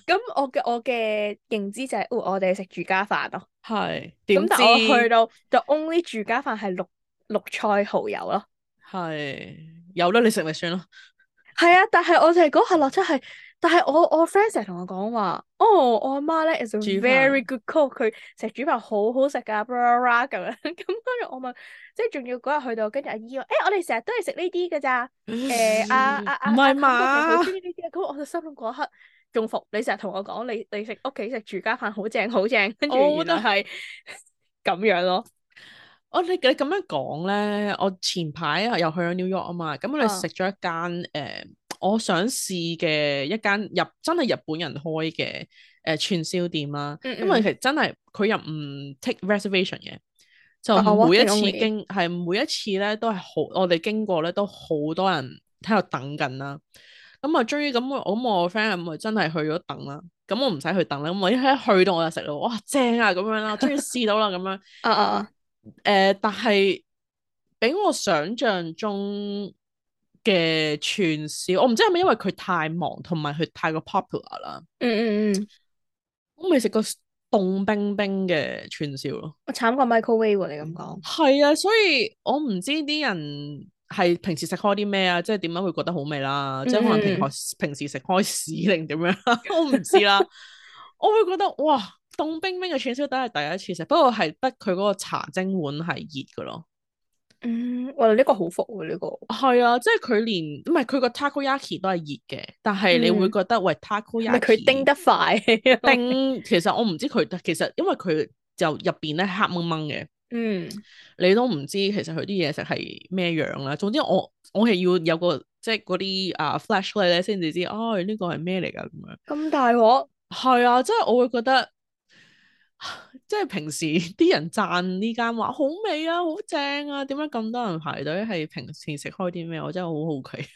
Speaker 1: 咁我嘅我嘅認知就係、是哦，我哋食住家飯咯。係，咁但係我去到就 only 住家飯係綠綠菜蠔油咯。係，有啦，你食咪算咯。係啊，但係我哋嗰下落菜係。但係我我 friend 成日同我講話，哦，我阿媽咧 is a 飯 very good cook，佢成日煮飯好好食噶，blah blah blah 咁樣。咁跟住我問，即係仲要嗰日去到，跟住阿姨話，誒、hey, 我哋成日都係食呢啲㗎咋？誒阿阿阿，唔係嘛？唔係嘛？咁、啊啊 吧啊、我就心諗嗰一刻仲服，你成日同我講你你食屋企食住家飯好正好正，跟住就係
Speaker 2: 咁樣咯。我 你你咁樣講咧，我前排啊又去咗紐約啊嘛，咁我哋食咗一間誒。嗯 我想試嘅一間日真係日本人開嘅誒、呃、串燒店啦、啊，mm mm. 因為其實真係佢又唔 take reservation 嘅，就每一次經係、oh, 每一次咧都係好，我哋經過咧都好多人喺度等緊啦。咁、嗯、啊，終於咁我我 friend 係咪真係去咗等啦？咁我唔使去等啦。咁我一去到我就食咯，哇正啊，咁樣啦，終於試到啦咁樣。啊啊誒，uh. uh, 但係俾我想像中。嘅串燒，我唔知係咪因為佢太忙，同埋佢太過 popular 啦。嗯嗯嗯，我未食過凍冰冰嘅串燒咯。
Speaker 1: 我慘過 microwave 喎，你咁講。
Speaker 2: 係啊，所以我唔知啲人係平時食開啲咩啊，即係點樣會覺得好味啦？嗯嗯即係可能平平時食開屎定點樣 我唔知啦。 我會覺得哇，凍冰冰嘅串燒，都係第一次食。不過係得佢嗰個茶蒸碗係熱噶咯。
Speaker 1: 嗯，哇！呢個好服喎，呢個
Speaker 2: 係啊，即係佢連唔係佢個 taco yaki 都係熱嘅，但係你會覺得、嗯、喂 taco yaki，佢叮得快叮。其實我唔知佢，其實因為佢就入邊咧黑蒙蒙嘅，嗯，你都唔知其實佢啲嘢食係咩樣啦。總之我我係要有個即係嗰啲啊 flashlight 咧，先至知哦，呢個係咩嚟噶咁樣。咁大鑊係啊，即係我會覺得。即係平時啲人讚呢間話好味啊，好正啊，點解咁多人排隊？係平時食開啲咩？我真係好好奇。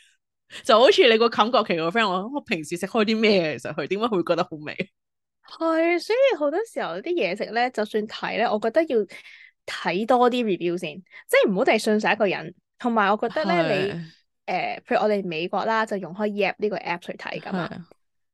Speaker 2: 就好似你個感國奇個 friend，我我平時食開啲咩其實佢點解會覺得好味？
Speaker 1: 係，所以好多時候啲嘢食咧，就算睇咧，我覺得要睇多啲 review 先，即係唔好淨係信晒一個人。同埋，我覺得咧，的你誒、呃，譬如我哋美國啦，就用開 Yelp，呢個 app 去睇咁樣。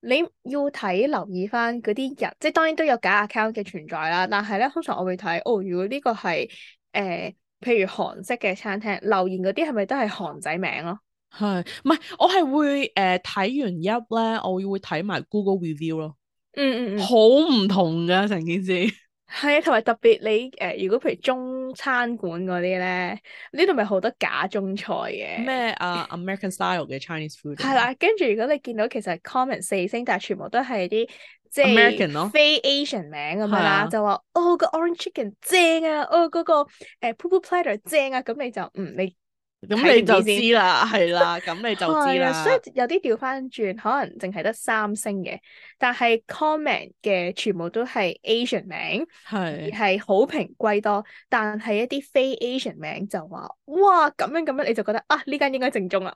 Speaker 1: 你要睇留意翻嗰啲人，即係當然都有假 account 嘅存在啦。但係咧，通常我會睇哦。如果呢個係誒、呃，譬如韓式嘅餐廳留言嗰啲，係咪都係韓仔名咯？係，
Speaker 2: 唔係我係會誒睇，呃、完一 p 咧，我會睇埋 Google review 咯。嗯嗯，
Speaker 1: 好
Speaker 2: 唔同噶，成件事。
Speaker 1: 係，同埋特別你誒、呃，如果譬如中餐館嗰啲咧，呢度咪好多假中菜嘅咩啊，American
Speaker 2: style 嘅 Chinese food。係啦，
Speaker 1: 跟住如果你見到其實 comment 四星，但係全部都係啲
Speaker 2: 即係 American 咯
Speaker 1: 非 Asian 名咁樣啦，係、係就話哦、個 Orange Chicken 正啊，哦嗰、個誒 Poo Poo Platter 正啊，咁你就唔、嗯、你。咁你就知啦，係啦，咁你就知啦。所以有啲掉返轉，可能淨係得三星嘅，但係 comment 嘅全部都係 Asian 名，係係的好評居多。但係一啲非 Asian 名就話，哇咁樣咁樣，你就覺得啊呢間應該正宗啦，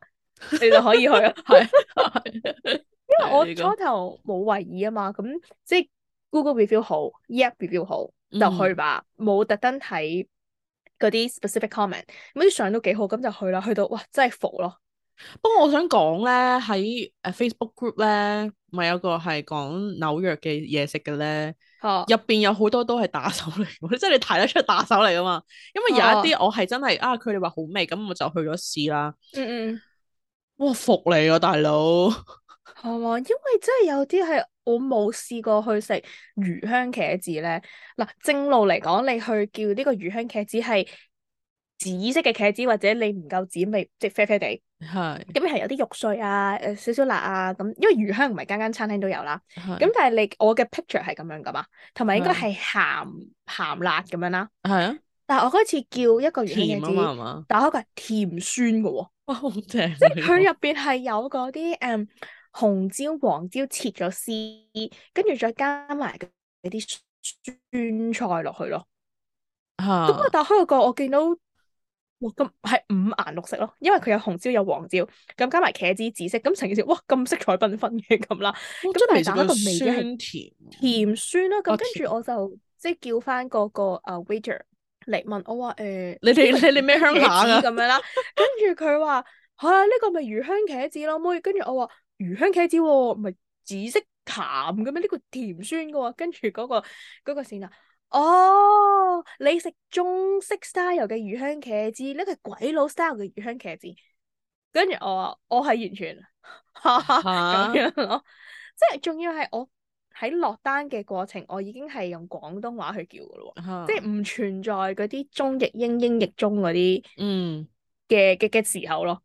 Speaker 1: 你就可以去啊。係， 因為我初頭冇懷疑啊嘛，咁即係 Google review 好，Yelp review 好、嗯、就去吧，冇特登睇。嗰啲 specific comment，咁啲相都幾好，咁就去啦。去到哇，真係服咯！
Speaker 2: 不過我想講咧，喺誒 Facebook group 咧，咪有個係講紐約嘅嘢食嘅咧，入邊、啊、有好多都係打手嚟，即 係你睇得出打手嚟噶嘛？因為有一啲我係真係啊，佢哋話好味，咁我就去咗試啦。嗯嗯，哇，服你啊，大佬！
Speaker 1: 係嘛？因為真係有啲係。我冇試過去食魚香茄子咧，嗱，正路嚟講，你去叫呢個魚香茄子係紫色嘅茄子，或者你唔夠紫咪，即啡啡地，咁你係有啲肉碎啊，誒、呃、少少辣啊，咁因為魚香唔係間間餐廳都有啦，咁係但係你我嘅 picture 係咁樣噶嘛，同埋應該係鹹、啊、鹹辣咁樣啦，係啊，但係我嗰次叫一個魚香茄子，打開個甜酸嘅喎、哦，哇好正，即係佢入邊係有嗰啲誒。Um, 紅椒、黃椒切咗絲，跟住再加埋啲酸菜落去咯。咁、啊、我打開個，我見到哇，咁係五顏六色咯，因為佢有紅椒、有黃椒，咁加埋茄子紫色，咁成件事哇，咁色彩繽紛嘅咁啦。咁真係打到味嘅。甜酸啦、啊，咁跟住我就即係叫翻、那、嗰個啊 waiter 嚟問我話誒，你哋你咩鄉下噶咁樣啦？跟住佢話嚇呢個咪魚香茄子咯，妹。跟、啊、住我話。魚香茄子喎、哦，唔係紫色淡嘅咩？呢、這個甜酸嘅喎、哦，跟住嗰、那個嗰、那個線啊，哦，你食中式 style 嘅魚香茄子，呢個係鬼佬 style 嘅魚香茄子，跟住我我係完全哈哈，咁樣咯，啊、即係仲要係我喺落單嘅過程，我已經係用廣東話去叫嘅咯喎，啊、即係唔存在嗰啲中譯英、英譯中嗰啲，嗯嘅嘅嘅時候咯。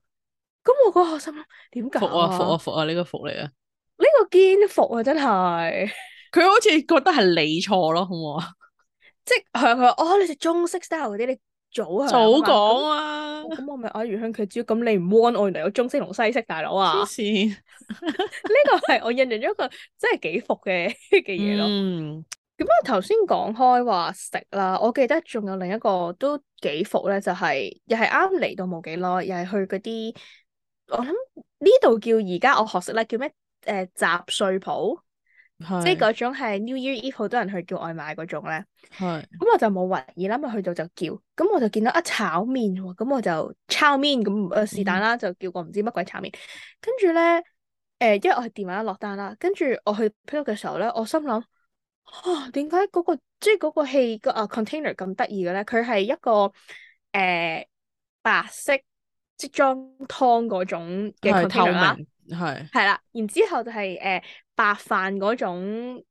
Speaker 1: 咁我個學生點解？服啊服啊服啊！呢個服嚟啊！呢個堅服啊，真係。佢好似覺得係你錯咯，好唔好啊？即係佢話：哦，你食中式 style 嗰啲，你早講。早講啊！咁我咪我原香佢招，咁你唔 warn 我原來有中式同西式大佬啊！黐線！呢個係我印象中一個真係幾服嘅嘅嘢咯。咁啊頭先講開話食啦，我記得仲有另一個都幾服咧，就係又係啱嚟到冇幾耐，又係去嗰啲。我諗呢度叫而家我學識咧，叫咩？誒、呃，雜碎鋪，是即係嗰種係 New Year Eve 好多人去叫外賣嗰種咧。係是。咁我就冇懷疑啦，咪去到就叫，咁我就見到一炒麵，咁我就炒麵咁誒是但啦，嗯、就叫個唔知乜鬼炒麵。跟住咧，誒、呃，因為我係電話一落單啦，跟住我去 pick up 嘅時候咧，我心諗，啊，點解嗰個即係嗰個器、個啊 container 咁得意嘅咧？佢係一個誒、呃、白色。即裝湯嗰種嘅 container 啦，係係啦，然之後就係、是、誒、呃、白飯嗰種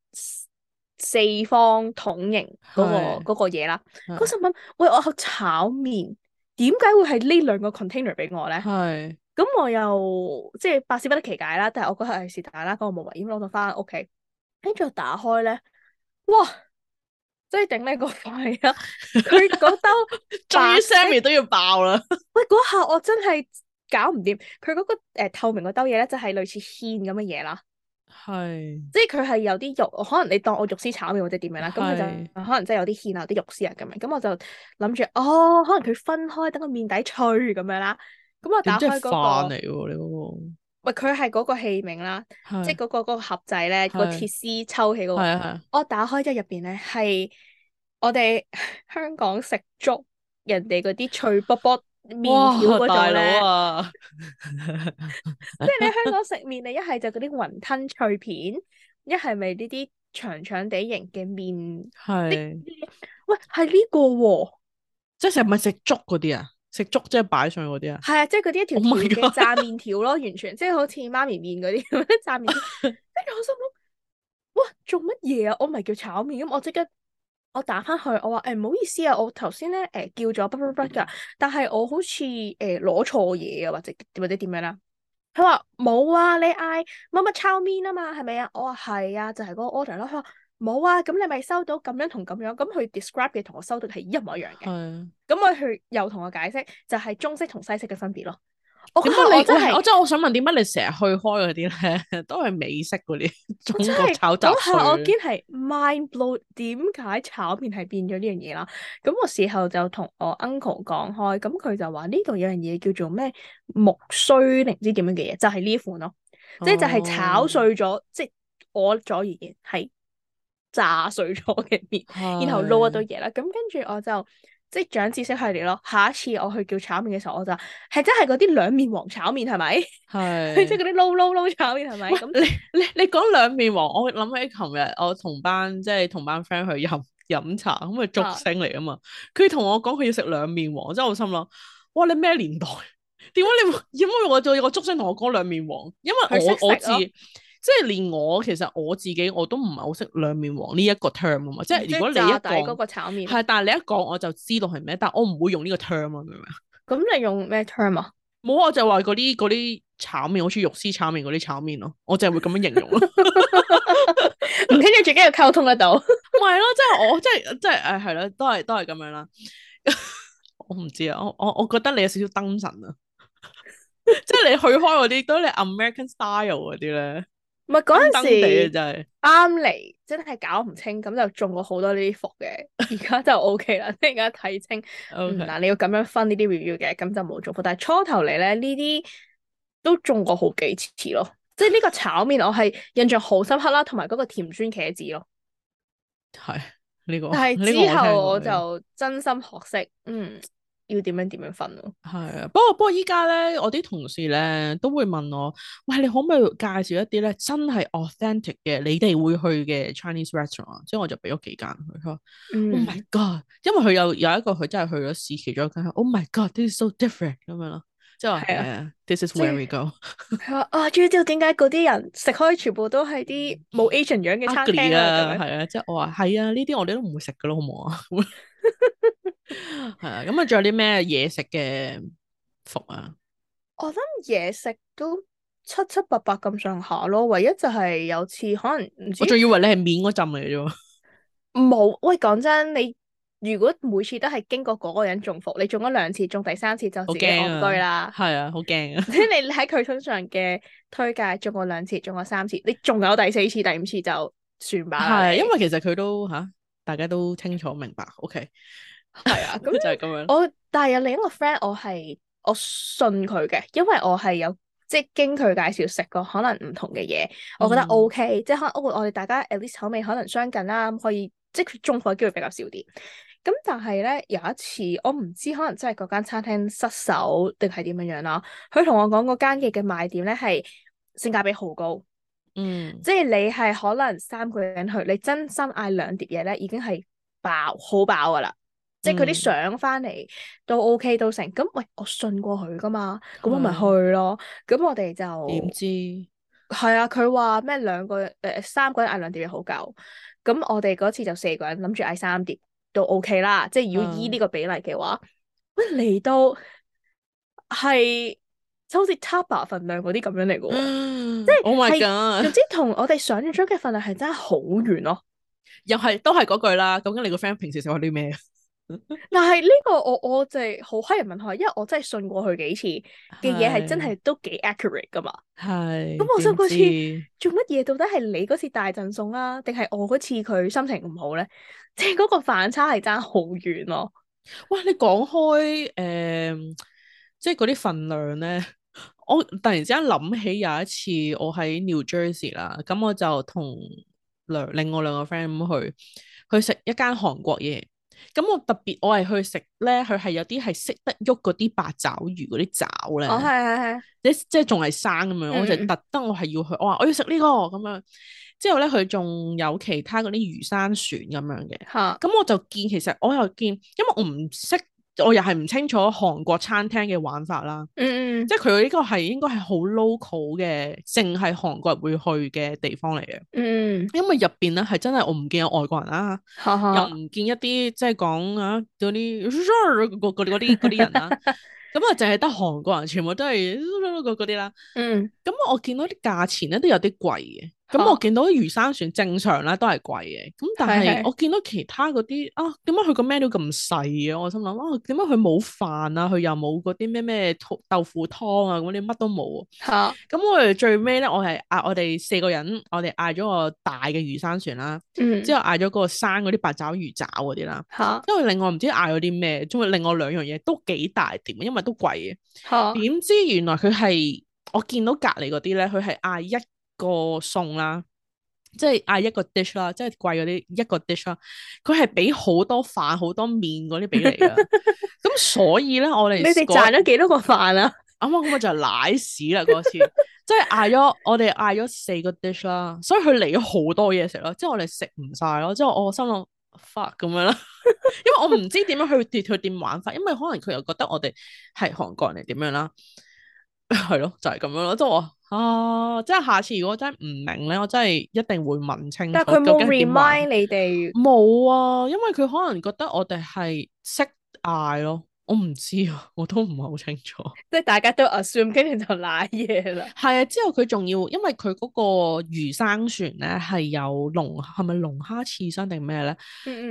Speaker 1: 四方桶型嗰、那個是個嘢啦。嗰時是問，喂，我炒麵點解會係呢兩個 container 俾我咧？係咁是我又即百思不得其解啦。但係我嗰刻係是但啦，咁我冇為意攞到返屋企，跟住打開咧，哇！即係頂你個肺啊！佢嗰兜終於 Sammy 都要爆啦！ 喂，嗰下我真係搞唔掂，佢嗰、那個誒、呃、透明嗰兜嘢咧，就係、是、類似芡咁嘅嘢啦。
Speaker 2: 係是，
Speaker 1: 即係佢係有啲肉，可能你當我肉絲炒麵或者點樣啦，咁佢是就、呃、可能真係有啲芡啊、有啲肉絲啊咁樣。咁我就諗住，哦，可能佢分開，等個麵底脆咁樣啦。咁我打開嗰、那個。唔，佢係嗰個器皿啦，是即係嗰個盒仔咧，個是鐵絲抽起嗰個。啊、我打開之後入邊咧，係我哋香港食粥，人哋嗰啲脆卜卜麪條嗰佬啊。
Speaker 2: 即係你
Speaker 1: 香港食麵，你一係就嗰啲雲吞脆片，一係咪呢啲長長地形嘅麵？
Speaker 2: 係是。喂，係呢個喎，即係係咪食粥嗰啲啊？食粥即係擺上去嗰啲啊，
Speaker 1: 係啊，即係嗰啲一條條嘅炸麵條咯，完全即係好似媽咪麵嗰啲咁樣炸麵條。跟住我心諗，哇，做乜嘢啊？我唔係叫炒麵，咁我即刻我打返去，我話誒唔好意思啊，我頭先咧誒叫咗不不不㗎，但係我好似誒攞錯嘢啊，或者或者點樣啦？佢話冇啊，你嗌乜乜炒麵啊嘛，係咪啊？我話係啊，就係、是、嗰個 order 咯。冇啊，咁你咪收到咁樣同咁樣，咁佢 describe 嘅同我收到係一模一樣嘅。係是。咁我去又同我解釋，就係、是、中式同西式嘅分別咯。我點解你真係？我真
Speaker 2: 係想問點解你成日去開嗰啲咧，都係美式嗰啲中國炒雜碎。係我見
Speaker 1: 係 mind blow，點解炒麵係變咗呢樣嘢啦？咁我事後就同我 uncle 講開，咁佢就話呢度有樣嘢叫做咩木須，唔知點樣嘅嘢，就係、是、呢款咯，哦、即係就係炒碎咗，即係我咗而言係。炸碎咗嘅麵，的然後撈一道嘢啦，咁跟住我就即係長知識系列咯。下一次我去叫炒麵嘅時候，我就係真係嗰啲兩面黃炒麵係咪？係即係嗰啲撈撈撈炒麵係咪？咁你
Speaker 2: 你你講兩面黃，我諗起琴日我同班即係同班 friend 去飲飲茶，咁啊竹升嚟啊嘛。佢同的我講佢要食兩面黃，真係好心諗，哇你咩年代？點解你點解我做我竹升同我講兩面黃？因為我我知。即係連我其實我自己我都唔係好識兩面黃呢一個 term 啊嘛，即係如果你一個炒麵係，但係你一講我就知道係咩，但我唔會用呢個 term 啊，明唔明啊？
Speaker 1: 咁你用咩 term 啊？
Speaker 2: 冇啊，就話嗰啲嗰啲炒麵，好似肉絲炒麵嗰啲炒麵咯，我就會咁樣形容咯。唔，跟住最緊要溝通得到，唔係咯，即係我即係即係誒係咯，都係都係咁樣啦。我唔知啊，我我我覺得你有少少燈神啊，即係你去開嗰啲都係 American style 嗰啲咧。
Speaker 1: 唔係嗰陣時，啱嚟真係、就是、搞唔清，咁就中咗好多呢啲伏嘅。而家就 O K 啦，而家睇清，嗱，你要咁樣分呢啲 review 嘅，咁就冇中伏。但係初頭嚟咧，呢啲都中過好幾次咯。即係呢個炒麵，我係印象好深刻啦，同埋嗰個甜酸茄子咯，
Speaker 2: 係呢、這個。但係之後我，我就
Speaker 1: 真心學識，嗯。要點樣點樣瞓咯？
Speaker 2: 係啊，不過不過依家咧，我啲同事咧都會問我：喂，你可唔可以介紹一啲咧真係 authentic 嘅？你哋會去嘅 Chinese restaurant 啊？即係我就俾咗幾間佢。佢話：Oh my god！因為佢有有一個佢真係去咗試期咗一間。Oh my god！This is so different 咁樣咯。
Speaker 1: 即係話係啊
Speaker 2: ，This is where we go。佢
Speaker 1: 話：啊，知唔知道點解嗰啲人食開全部都係啲冇 Asian 樣嘅餐廳啊？係
Speaker 2: 啊，即係我話係啊，呢啲我哋都唔會食噶咯，好唔好啊？係啦，咁 啊，仲有啲咩嘢食嘅服啊？
Speaker 1: 我諗嘢食都七七八八咁上下咯，唯一就係有次可能我仲以為你係面嗰陣嚟啫。冇 喂，講真，你如果每次都係經過嗰個人中服，你中咗兩次，中第三次就自己戇居啦。
Speaker 2: 係啊，好驚。
Speaker 1: 你喺佢身上嘅推介中過兩次，中過三次，你仲有第四次、第五次就算吧。係，因
Speaker 2: 為其實佢都吓。大家都清楚明
Speaker 1: 白，OK，係 啊，咁 就係咁樣。我但係有另一個 friend，我係我信佢嘅，因為我係有即係、就是、經佢介紹食過可能唔同嘅嘢，我覺得 OK，、嗯、即係可能我我哋大家有啲口味可能相近啦，可以即係中火嘅機會比較少啲。咁但係咧，有一次我唔知可能真係嗰間餐廳失手定係點樣樣啦，佢同我講嗰間嘅嘅賣點咧係性價比好高。嗯，即係你係可能三個人去，你真心嗌兩碟嘢咧，已經係飽好飽噶啦。
Speaker 2: 即係佢啲相
Speaker 1: 翻嚟都 O、OK, K 都成。咁喂，我信過佢噶嘛？咁我咪去咯。咁、嗯、我哋就點知？係啊，佢話咩？兩個人誒，三個人嗌兩碟嘢好夠。咁我哋嗰次就四個人諗住嗌三碟都 O K 啦。即係如果依呢個比例嘅話，喂嚟、嗯、到係。就好似七百份量嗰啲咁樣嚟嘅喎，嗯、即係是唔、oh、總之同我哋想象中嘅份量係真係好遠咯。
Speaker 2: 又係都係嗰句啦。究竟你個 friend 平時食開
Speaker 1: 啲咩？ 但係呢個我我就係好黑人問號，因為我真係信過佢幾次嘅嘢係真係都幾 accurate 噶嘛。係是。咁我想嗰次做乜嘢？到底係你嗰次大贈送啦，定係我嗰次佢心情唔好咧？即係嗰個反差係爭好遠咯。哇！你講開誒、嗯，即係嗰啲份
Speaker 2: 量咧。 我突然之間諗起有一次我喺 New Jersey 啦，咁我就同兩另外兩個 friend 咁去，去食一間韓國嘢。咁我特別我係去食咧，佢係有啲係識得喐嗰啲八爪魚嗰啲爪咧。哦、oh,
Speaker 1: yes,
Speaker 2: yes, yes.，係係即即係仲係生咁樣，mm. 我就特登我係要去，我話我要食呢個咁樣。之後咧佢仲有其他嗰啲魚生串咁樣嘅。嚇！咁我就見其實我又見，因為我唔識。我又係唔清楚韓國餐廳嘅玩法啦，嗯嗯，即係佢呢個係應該係好 local 嘅，淨係韓國人會去嘅地方嚟嘅，嗯，因為入邊咧係真係我唔見有外國人啦、啊，呵呵又唔見一啲即係講啊嗰啲嗰啲啲人啦、啊，咁啊淨係得韓國人，全部都係嗰啲啦，嗯，咁我見到啲價錢咧都有啲貴嘅。咁、嗯、我見到啲魚生船正常啦，都係貴嘅。咁但係我見到其他嗰啲是啊，點解佢個 menu 咁細嘅？我心諗啊，點解佢冇飯啊？佢又冇嗰啲咩咩湯、豆腐湯啊，咁啲乜都冇、啊。嚇、啊！咁我哋最尾咧，我係嗌我哋四個人，我哋嗌咗個大嘅魚生船啦，之後嗌咗個生嗰啲八爪魚爪嗰啲啦。嚇、嗯！因為另外唔知嗌咗啲咩，仲有另外兩樣嘢都幾大碟，因為都貴嘅。嚇、啊！點知原來佢係我見到隔籬嗰啲咧，佢係嗌一個餸啦，即係嗌一個 dish 啦，即係貴咗啲一個 dish 啦，佢係俾好多飯好多麵嗰啲俾你啊。咁所以咧，我哋你哋賺咗幾多個飯啊？啱啱咁我就奶屎啦嗰次，即係嗌咗我哋嗌咗四個 dish 啦，所以佢嚟咗好多嘢食咯，即係我哋食唔晒咯，即係我心諗 fuck 咁樣啦， 因為我唔知點樣去店去點玩法，因為可能佢又覺得我哋係韓國人嚟點樣啦，係 咯就係、是、咁樣咯，即、就、係、是、我。哦、啊，即係下次如果真係唔明咧，我真係一定會問清楚。但係佢冇 remind 你哋冇啊？因為佢可能覺得我哋係識嗌咯，我唔知啊，我都唔係好清楚。即係大
Speaker 1: 家都 assume，跟住就瀨嘢啦。
Speaker 2: 係 啊，之後佢仲要，因為佢嗰個魚生船咧係有龍，係咪龍蝦刺身定咩咧？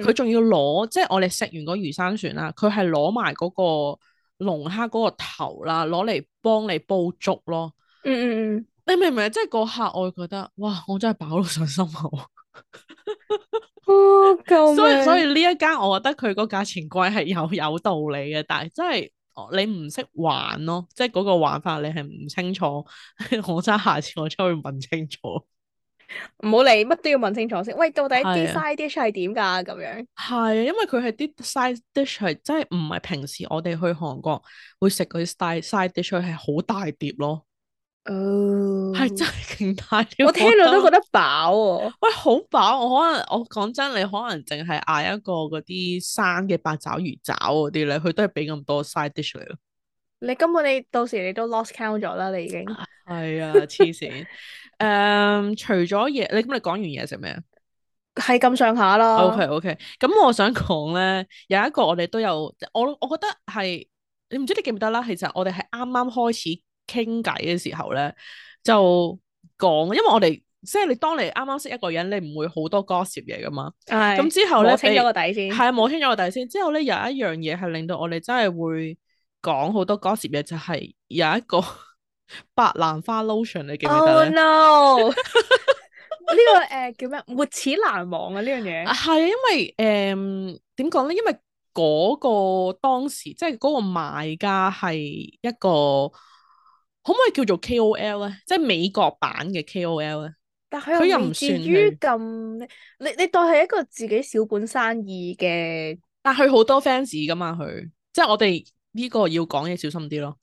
Speaker 2: 佢仲、嗯嗯、要攞，即係我哋食完個魚生船啦，佢係攞埋嗰個龍蝦嗰個頭啦，攞嚟幫你煲粥咯。嗯嗯嗯，mm hmm。你明唔明啊？即係嗰刻我會覺得，哇！我真係飽到上心口， oh, 所以所以呢一間，我覺得佢個價錢貴係有有道理嘅，但係真係你唔識玩咯，即係嗰個玩法你係唔清楚。 我真係下次我出去問清楚 ，
Speaker 1: 唔好理乜都要問清楚先。喂，到底啲 side dish 係點㗎？咁樣？係啊，因為佢
Speaker 2: 係啲 side dish 係真係唔係平時我哋去韓國會食嗰啲大 side dish 係好大碟咯。哦，係、oh, 真係勁大料，我聽到都覺得飽喎、啊。喂，好飽！我可能我講真，你可能淨係嗌一個嗰啲生嘅八爪魚爪嗰啲咧，佢都係俾咁多 side dish 嚟咯。
Speaker 1: 你根本你到時你都 lost count 咗啦，你已經
Speaker 2: 係啊黐線！誒、啊， um, 除咗嘢，你咁你講完嘢食咩啊？
Speaker 1: 係咁上下啦。OK
Speaker 2: OK，咁我想講咧，有一個我哋都有，我我覺得係你唔知你記唔得啦。其實我哋係啱啱開始。傾偈嘅時候咧，就講，因為我哋即係你當你啱啱識一個人，你唔會好多 gossip 嘢噶嘛。係咁、哎、之後咧，摸清咗個底先。係啊，摸清咗個底先。之後咧有一樣嘢係令到我哋真係會講好多 gossip 嘢，就係、是、有一個 白蘭花 lotion，你記唔記得咧？
Speaker 1: Oh no！呢個誒、呃、叫咩？沒齒難忘啊！呢樣嘢係因為誒點講
Speaker 2: 咧？因為嗰、呃、個當時即係嗰個賣家係一個。可唔可以叫做 KOL 咧？即係美國版嘅 KOL 咧？但係佢又唔算，佢
Speaker 1: 咁你你當係一個自己小本生意嘅。但係佢好多 fans 噶嘛，佢
Speaker 2: 即係我哋呢個要講嘢小心啲咯。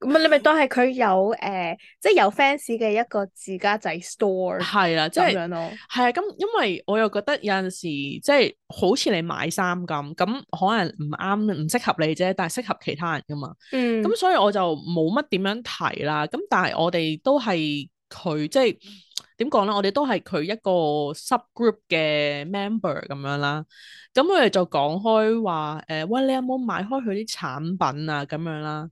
Speaker 1: 咁啊！你咪當係佢有誒、呃，即係有 fans 嘅一個自家仔 store 係啊，即係咁樣咯。
Speaker 2: 係啊，咁因為我又覺得有陣時即係好似你買衫咁，咁可能唔啱，唔適合你啫，但係適合其他人噶嘛。嗯，咁所以我就冇乜點樣提啦。咁但係我哋都係佢即係點講咧？我哋都係佢一個 sub group 嘅 member 咁樣啦。咁我哋就講開話誒、呃，喂，你有冇買開佢啲產品啊？咁樣啦。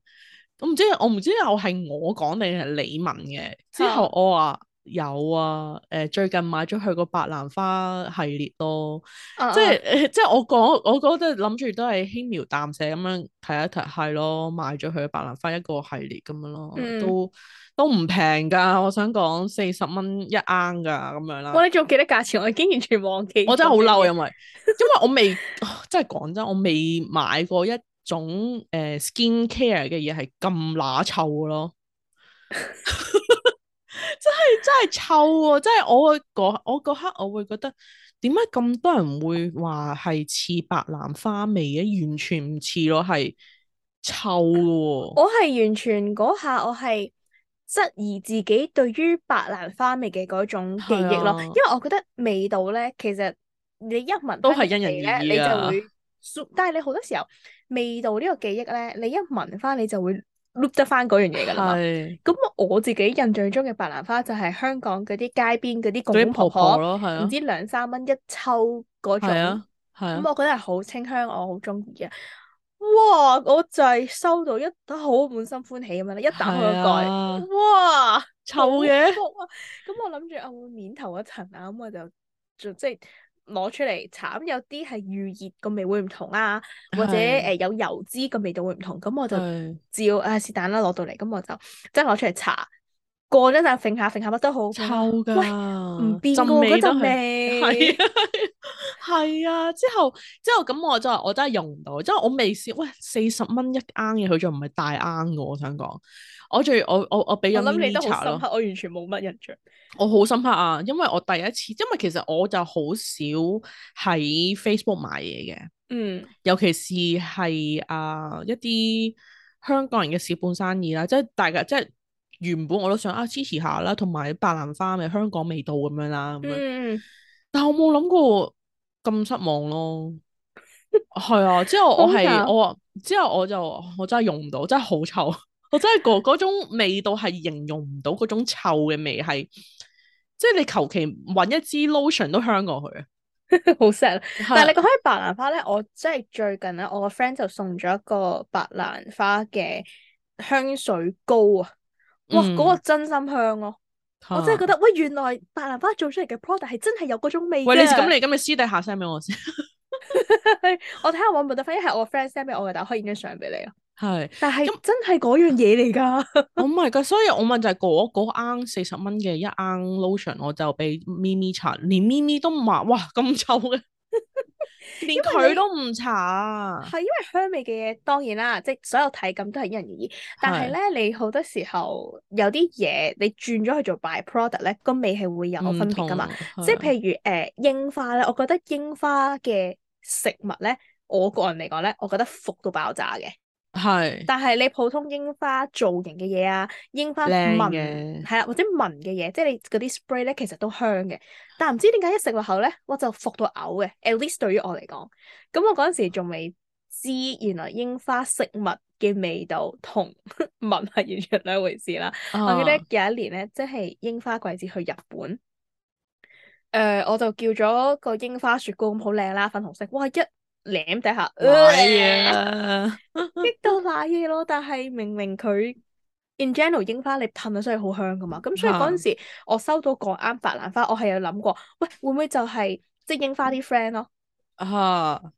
Speaker 2: 我唔知，我唔知又係我講定係你問嘅。之後我話、啊、有啊，誒，最近買咗佢個白蘭花系列咯、啊
Speaker 1: 啊，即係，
Speaker 2: 即係我講，我覺得諗住都係輕描淡寫咁樣睇一睇係咯，買咗佢白蘭花一個系列咁樣咯，嗯、都都唔平噶我想講四十蚊一盎噶咁樣啦。我哋
Speaker 1: 仲記得價錢？我竟然完全忘記。我真係好嬲，因為
Speaker 2: 因為我未，即係講真，我未買過一。種誒、呃、，skin care 嘅嘢係咁乸臭咯， 真係真係臭，真係我嗰、嗰個、我刻我會覺得，點解咁多人會話係似白蘭花味嘅，啊，完全唔似咯，係臭嘅。我
Speaker 1: 係完全嗰下，我係質疑自己對於白蘭花味嘅嗰種記憶咯，啊、因為我覺得味道咧，其實你一聞都係因人而異啦、啊。你就會但係你好多時候味道呢個記憶咧，你一聞翻你就會 look 得翻嗰樣嘢噶嘛。咁的我自己印象中嘅白蘭花就係香港嗰啲街邊嗰啲公公婆婆咯，唔知兩三蚊一抽嗰種。係啊，咁、嗯、我覺得係好清香，我好中意啊。哇！我就係收到一打，好滿心歡喜咁樣，一打開個蓋，哇的！嘩
Speaker 2: 臭嘢西！
Speaker 1: 咁、啊嗯、我諗住啊會面頭一層啊，咁、嗯、我就即係。就就就就就就攞出嚟搽，咁有啲係預熱個味會唔同啊，或者誒、呃、有油脂個味道會唔同，咁對我就照誒是但啦，攞、啊、到嚟，咁我就即係攞出嚟搽。過咗陣，揈下揈下乜都好，臭㗎的，唔變過嗰陣味。係啊，啊，啊，之後之後咁我就
Speaker 2: 我真係用唔到，因為我未試。喂，四十蚊一罌嘅佢仲唔係大罌嘅，我想講。我最我我我俾飲，我諗你都好深刻，
Speaker 1: 咯我完全冇乜印象。
Speaker 2: 我好深刻啊，因為我第一次，因為其實我就好少喺 Facebook 買嘢嘅。嗯，尤其是係啊一啲香港人嘅小本生意啦，即係大家即係原本我都想啊支持下啦，同埋白蘭花咪香港味道咁樣啦。嗯嗯。但係我冇諗過咁失望咯。係 啊，之後我係 我之後我就我真係用唔到，真係好臭。我真係嗰嗰種味道係形容唔到，嗰種臭嘅味係，即係你求其搵一支 lotion 都香過佢啊！
Speaker 1: 好 sad 了。 但係你講起白蘭花咧，我真係最近咧，我個 friend 就送咗一個白蘭花嘅香水膏啊！哇，嗰、嗯、個真心香咯、
Speaker 2: 啊！ 我真係覺
Speaker 1: 得，喂，原來白蘭花做出嚟嘅 product 係真係有嗰種味嘅。咁你
Speaker 2: 咁你私底下 send 俾我先，
Speaker 1: 我睇下我冇得反而係我個 friend send 俾我嘅，但我可以影張相俾你啊。係，是但係真係嗰、嗯、樣嘢嚟噶，
Speaker 2: 我唔係噶，所以我問就係嗰嗰四十蚊嘅一罌 lotion，我就俾咪咪搽，連咪咪都唔話，哇咁臭嘅，
Speaker 1: 連佢她 都唔搽，係因為香味嘅嘢，當然啦，即係所有體感都係因人而異。但係咧，是你好多時候有啲嘢你轉咗去做 byproduct 咧，個味係會有分別噶嘛？即係譬如誒櫻、呃、花咧，我覺得櫻花嘅食物咧，我個人嚟講咧，我覺得服到爆炸嘅。係，但係你普通櫻花造型嘅嘢啊，櫻花聞係啦，或者聞嘅嘢，即、就、係、是、你嗰啲 spray 咧，其實都香嘅。但唔知點解一食落口咧，我就服到嘔嘅。 At least 對於我嚟講，咁我嗰陣時仲未知，原來櫻花食物嘅味道同聞係完全兩回事啦。 我記得有一年咧，即、就、係、是、櫻花季節去日本，誒、呃，我就叫咗個櫻花雪糕咁好靚啦、啊，粉紅色，哇一～舐底下，攋嘢，激、呃、 到攋嘢咯！但係明明佢 in general 櫻花你噴咗所以好香噶嘛。咁所以嗰陣時，我收到嗰啱白蘭花，我係有諗過，喂，會唔會就係、是、即櫻花啲 friend 咯？啊、uh,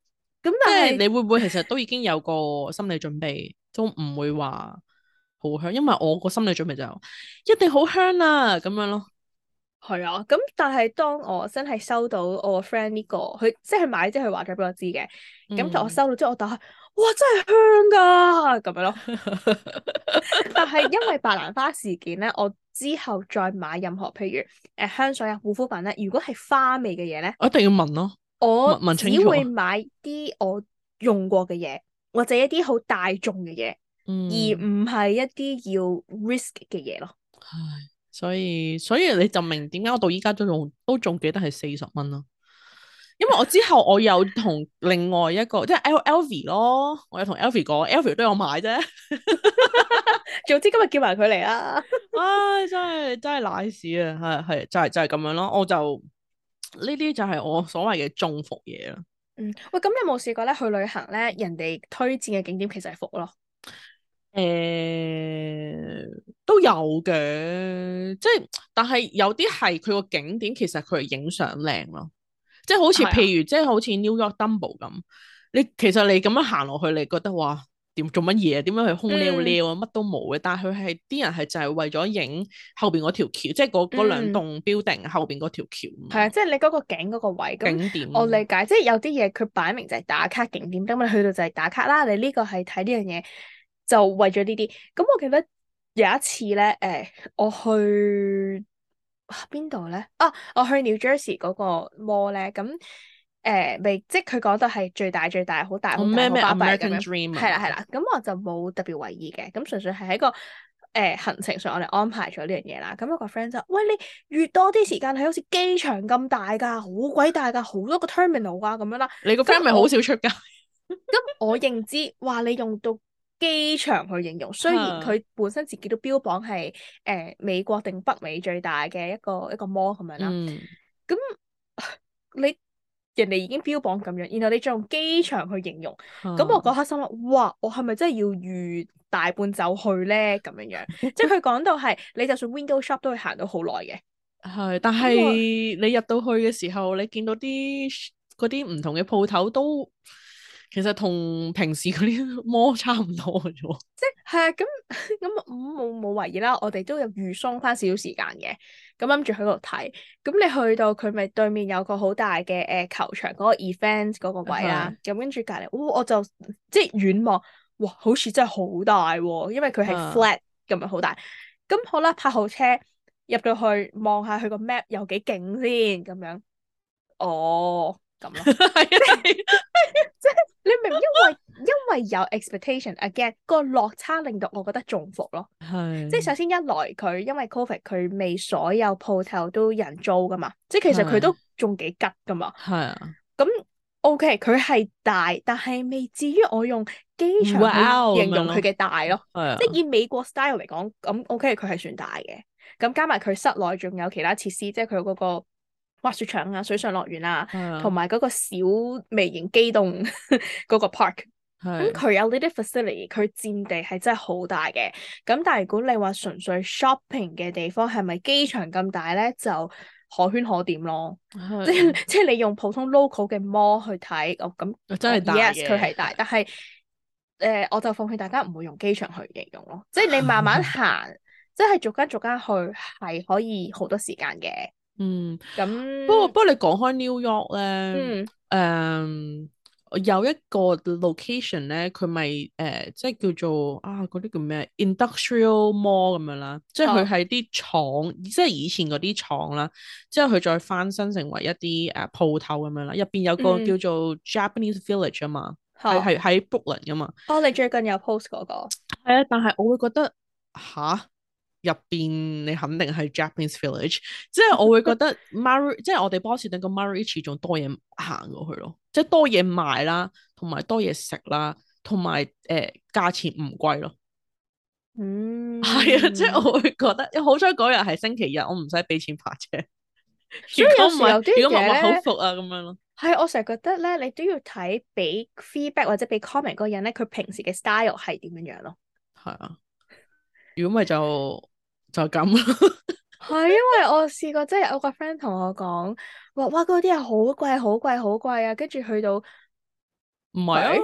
Speaker 1: 是，咁但係
Speaker 2: 你會唔會其實都已經有個心理準備，都唔會話好香，因為我個心理準備就一定好香
Speaker 1: 啦、啊，咁樣咯。係啊，咁但係當我真係收到我個 friend 呢、呢個，佢即係買，即係話咗俾我知嘅，咁、嗯、就我收到之後我打開，哇真係香噶、啊、咁樣咯。 但係因為白蘭花事件咧，我之後再買任何譬如誒香水啊、護膚品咧，如果係花味嘅嘢咧，我一定要問咯、啊，我問清楚。只會買啲我用過嘅嘢，或者一啲好大眾嘅嘢，嗯、而唔係一啲要 risk 嘅嘢咯。
Speaker 2: 所以所以你就明點解我到依家，都仲都仲記得係四十蚊啦，因為我之後我有同另外一個即係 Elvy 咯，我有同 Elvy 講，Elvy 都有買啫。
Speaker 1: 早 知 今日叫埋佢嚟啦，
Speaker 2: 唉、 哎，真係真係奶屎啊！係係就係、是、就係、是、咁樣咯，我就呢啲就係我所謂嘅中服嘢啦。
Speaker 1: 嗯，喂，咁你有冇試過咧？去旅行咧，人哋推薦嘅景點其實係服咯。
Speaker 2: 誒、嗯，都有嘅，即係，但係有啲係佢個景點，其實佢係影相靚咯，即係好似譬如，啊、即係好似 New York Dumbo 咁，你其實你咁樣行落去，你覺得哇，點做乜嘢？點樣去空溜溜，啊，乜都冇嘅。但係佢係啲人係就係為咗影後邊嗰條橋，即係嗰嗰兩棟 building 後邊嗰條橋。
Speaker 1: 係啊，即係你嗰個景、嗰個位景點。我理解，即係有啲嘢佢擺明就係打卡景點，咁你去到就係打卡啦。你呢個係睇呢樣嘢。就為咗呢啲，咁我記得有一次咧，誒、欸、我去邊度咧？啊，我去 New Jersey 嗰個 mall 咧，咁誒未即係佢講得係最大、最大、好大、好大、好巴閉咁樣。係啦係啦，咁 Dream 我就冇特別為意嘅，咁純粹係喺個誒、呃、行程上我哋安排咗呢樣嘢啦。咁有個 friend 就：，喂你預多啲時間，係好似機場咁大㗎，好鬼大㗎，好多個 terminal 啊咁樣啦。你個 friend 咪好少出街？咁我認知話你用到。機場去形容，雖然佢本身自己都標榜係誒、呃、美國定北美最大嘅一個一個摩咁樣啦。咁、嗯、你人哋已經標榜咁樣，然後你再用機場去形容，咁、嗯、我嗰刻心諗，哇，我係咪真係要預大半走去咧？咁樣樣，即係佢講到係 你就算 Window Shop 都去行到好耐嘅。
Speaker 2: 係，但係我你入到去嘅時候，你見到啲嗰啲唔同嘅鋪頭都。其實同平時嗰啲摩差唔多啫喎，
Speaker 1: 即係啊，咁咁冇冇懷疑啦，我哋都有預鬆返少少時間嘅，咁諗住喺度睇，咁你去到佢咪對面有個好大嘅誒、呃、球場嗰個 event 嗰個位啦、啊，咁跟住隔籬，哇、哦，我就即係遠望，哇，好似真係好大喎、啊，因為佢係 flat 咁樣好大，咁好啦，泊好車入到去望下佢個 map 有幾勁先，咁樣哦。咁咯，即係 你明唔明？因為因為有 expectation again 個落差，令到我覺得中伏咯。係即係首先一來佢因為 COVID 佢未所有鋪頭都人租噶嘛，即係其實佢都仲幾急噶嘛。係啊，咁 OK 佢係大，但係未至於我用機場形容佢嘅大咯。 即係以美國 style 嚟講，咁 OK 佢係算大嘅。咁加埋佢室內仲有其他設施，即係佢嗰個。滑雪場啊，水上樂園啊，同埋嗰個小微型機動嗰個 park，咁佢有呢啲 facility，佢佔地係真係好大嘅。咁但係如果你話純粹 shopping 嘅地方，係咪機場咁大咧？就可圈可點咯。Yeah. 即係即係你用普通 local 嘅 mall 去睇，我、哦、咁真係大 Yes，佢係大，Yeah. 但係誒、呃，我就奉勸大家唔會用機場去形容咯。Yeah. 即係你慢慢行，即係逐間逐間去，係可以好多時間嘅。嗯，咁、嗯、
Speaker 2: 不過不過你講開 New York 咧，誒、嗯 um, 有一個 location 咧，佢咪誒即係叫做啊嗰啲叫咩？Industrial Mall 咁樣啦，即係佢係啲廠，即係以前嗰啲廠啦，之後佢再翻新成為一啲誒鋪頭咁樣啦，入邊有個叫做 Japanese Village、嗯、啊是好嘛，係係喺 Brooklyn 噶嘛。
Speaker 1: 哦，你最近有 post 嗰、那個？係啊，但係我會覺得
Speaker 2: 嚇。入邊你肯定係 Japanese village，即係 我會覺得 m a r 即係我哋波士頓個 Marie 居仲多嘢行過去咯，即係多嘢買啦，同埋多嘢食啦，同埋誒價錢唔貴咯。嗯、mm，係、hmm. 啊， 即係我會覺得，好彩嗰日係星期日，我唔使俾錢泊車。如果唔係，如果唔好服啊咁樣咯。
Speaker 1: 係我成日覺得咧，你都要睇俾 feedback 或者俾 comment 嗰人咧，佢平時嘅 style 係點樣樣咯。
Speaker 2: 係啊，如果咪就。 就咁咯，
Speaker 1: 係因為我試過，即係我個 friend 同我講，話哇嗰啲係好貴、好貴、好貴啊，跟住去到唔係，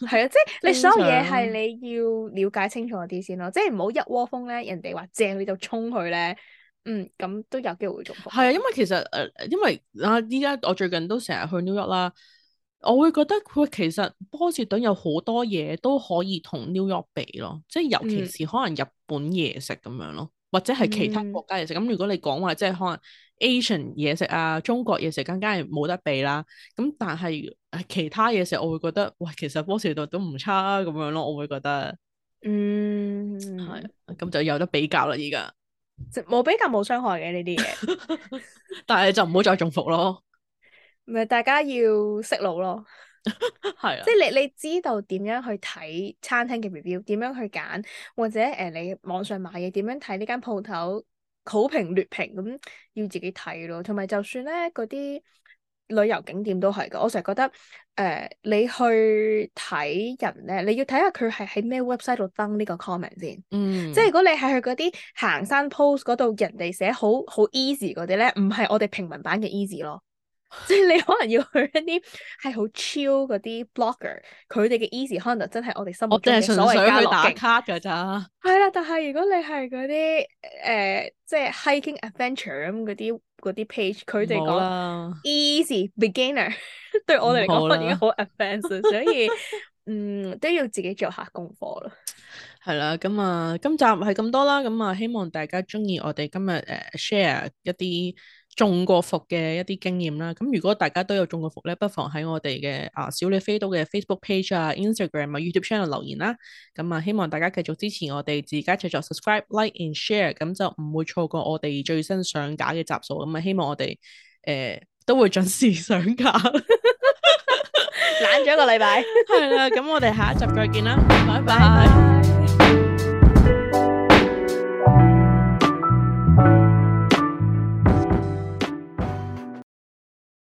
Speaker 1: 係啊，即係你所有嘢係你要了解清楚啲先咯，即係唔好一窩蜂咧，人哋話正你就衝去咧，嗯，咁都有機會做係
Speaker 2: 啊，因為其實誒、呃，因為啊，依家我最近都成日去 New York 啦。我會覺得佢其實波士頓有好多嘢，都可以同 New York 比咯，即係尤其是可能日本嘢食咁樣咯，或者係其他國家嘢食。咁、嗯、如果你講話即係可能 Asian 嘢食啊，中國嘢食，更加係冇得比啦。咁但係其他嘢食，我會覺得喂，其實波士頓都唔差咁樣咯。我會覺得，嗯，
Speaker 1: 係
Speaker 2: 咁就有得比較啦。而家即
Speaker 1: 係冇比較冇傷害嘅呢啲嘢，
Speaker 2: 但係就唔好再重複。咯
Speaker 1: 咪大家要識路咯，係 啊，即係你你知道點樣去睇餐廳嘅 review，點樣去揀，或者誒、呃、你網上買嘢點樣睇呢間鋪頭好評劣評咁，要自己睇咯。同埋就算咧，嗰啲旅遊景點都係嘅，我成日覺得誒、呃、你去睇人咧，你要睇下佢係喺咩 website 度登呢個 comment 先，嗯，即係如果你係去嗰啲行山 post 嗰度，人哋寫好好 easy 嗰啲咧，唔係、e、我哋平民版嘅 easy 咯。即係你可能要去一啲係好 chill 嗰啲 blogger，佢哋嘅 easy 可能 n 真係我哋心目中嘅所謂加樂去打卡噶咋。係啦，但係如果你係嗰啲誒即係 hiking adventure 咁嗰啲啲 page，佢哋講 easy beginner， 對我哋嚟講我已經好 advanced，所以 嗯都要自己做下功課啦。
Speaker 2: 係啦，咁啊，今集係咁多啦，咁啊，希望大家中意我哋今日誒 share 一啲。中過伏嘅一啲經驗啦，咁如果大家都有中過伏咧，不妨喺我哋嘅啊小李飛刀嘅 Facebook page 啊、Instagram 啊、YouTube channel 留言啦。咁啊，希望大家繼續支持我哋自家製作，subscribe、like and share，咁就唔會錯過我哋最新上架嘅集數。咁啊，希望我哋誒、呃、都會準時上架，
Speaker 1: 懶咗一個禮拜。
Speaker 2: 係 啦，咁我哋下一集再見啦，拜拜。拜拜。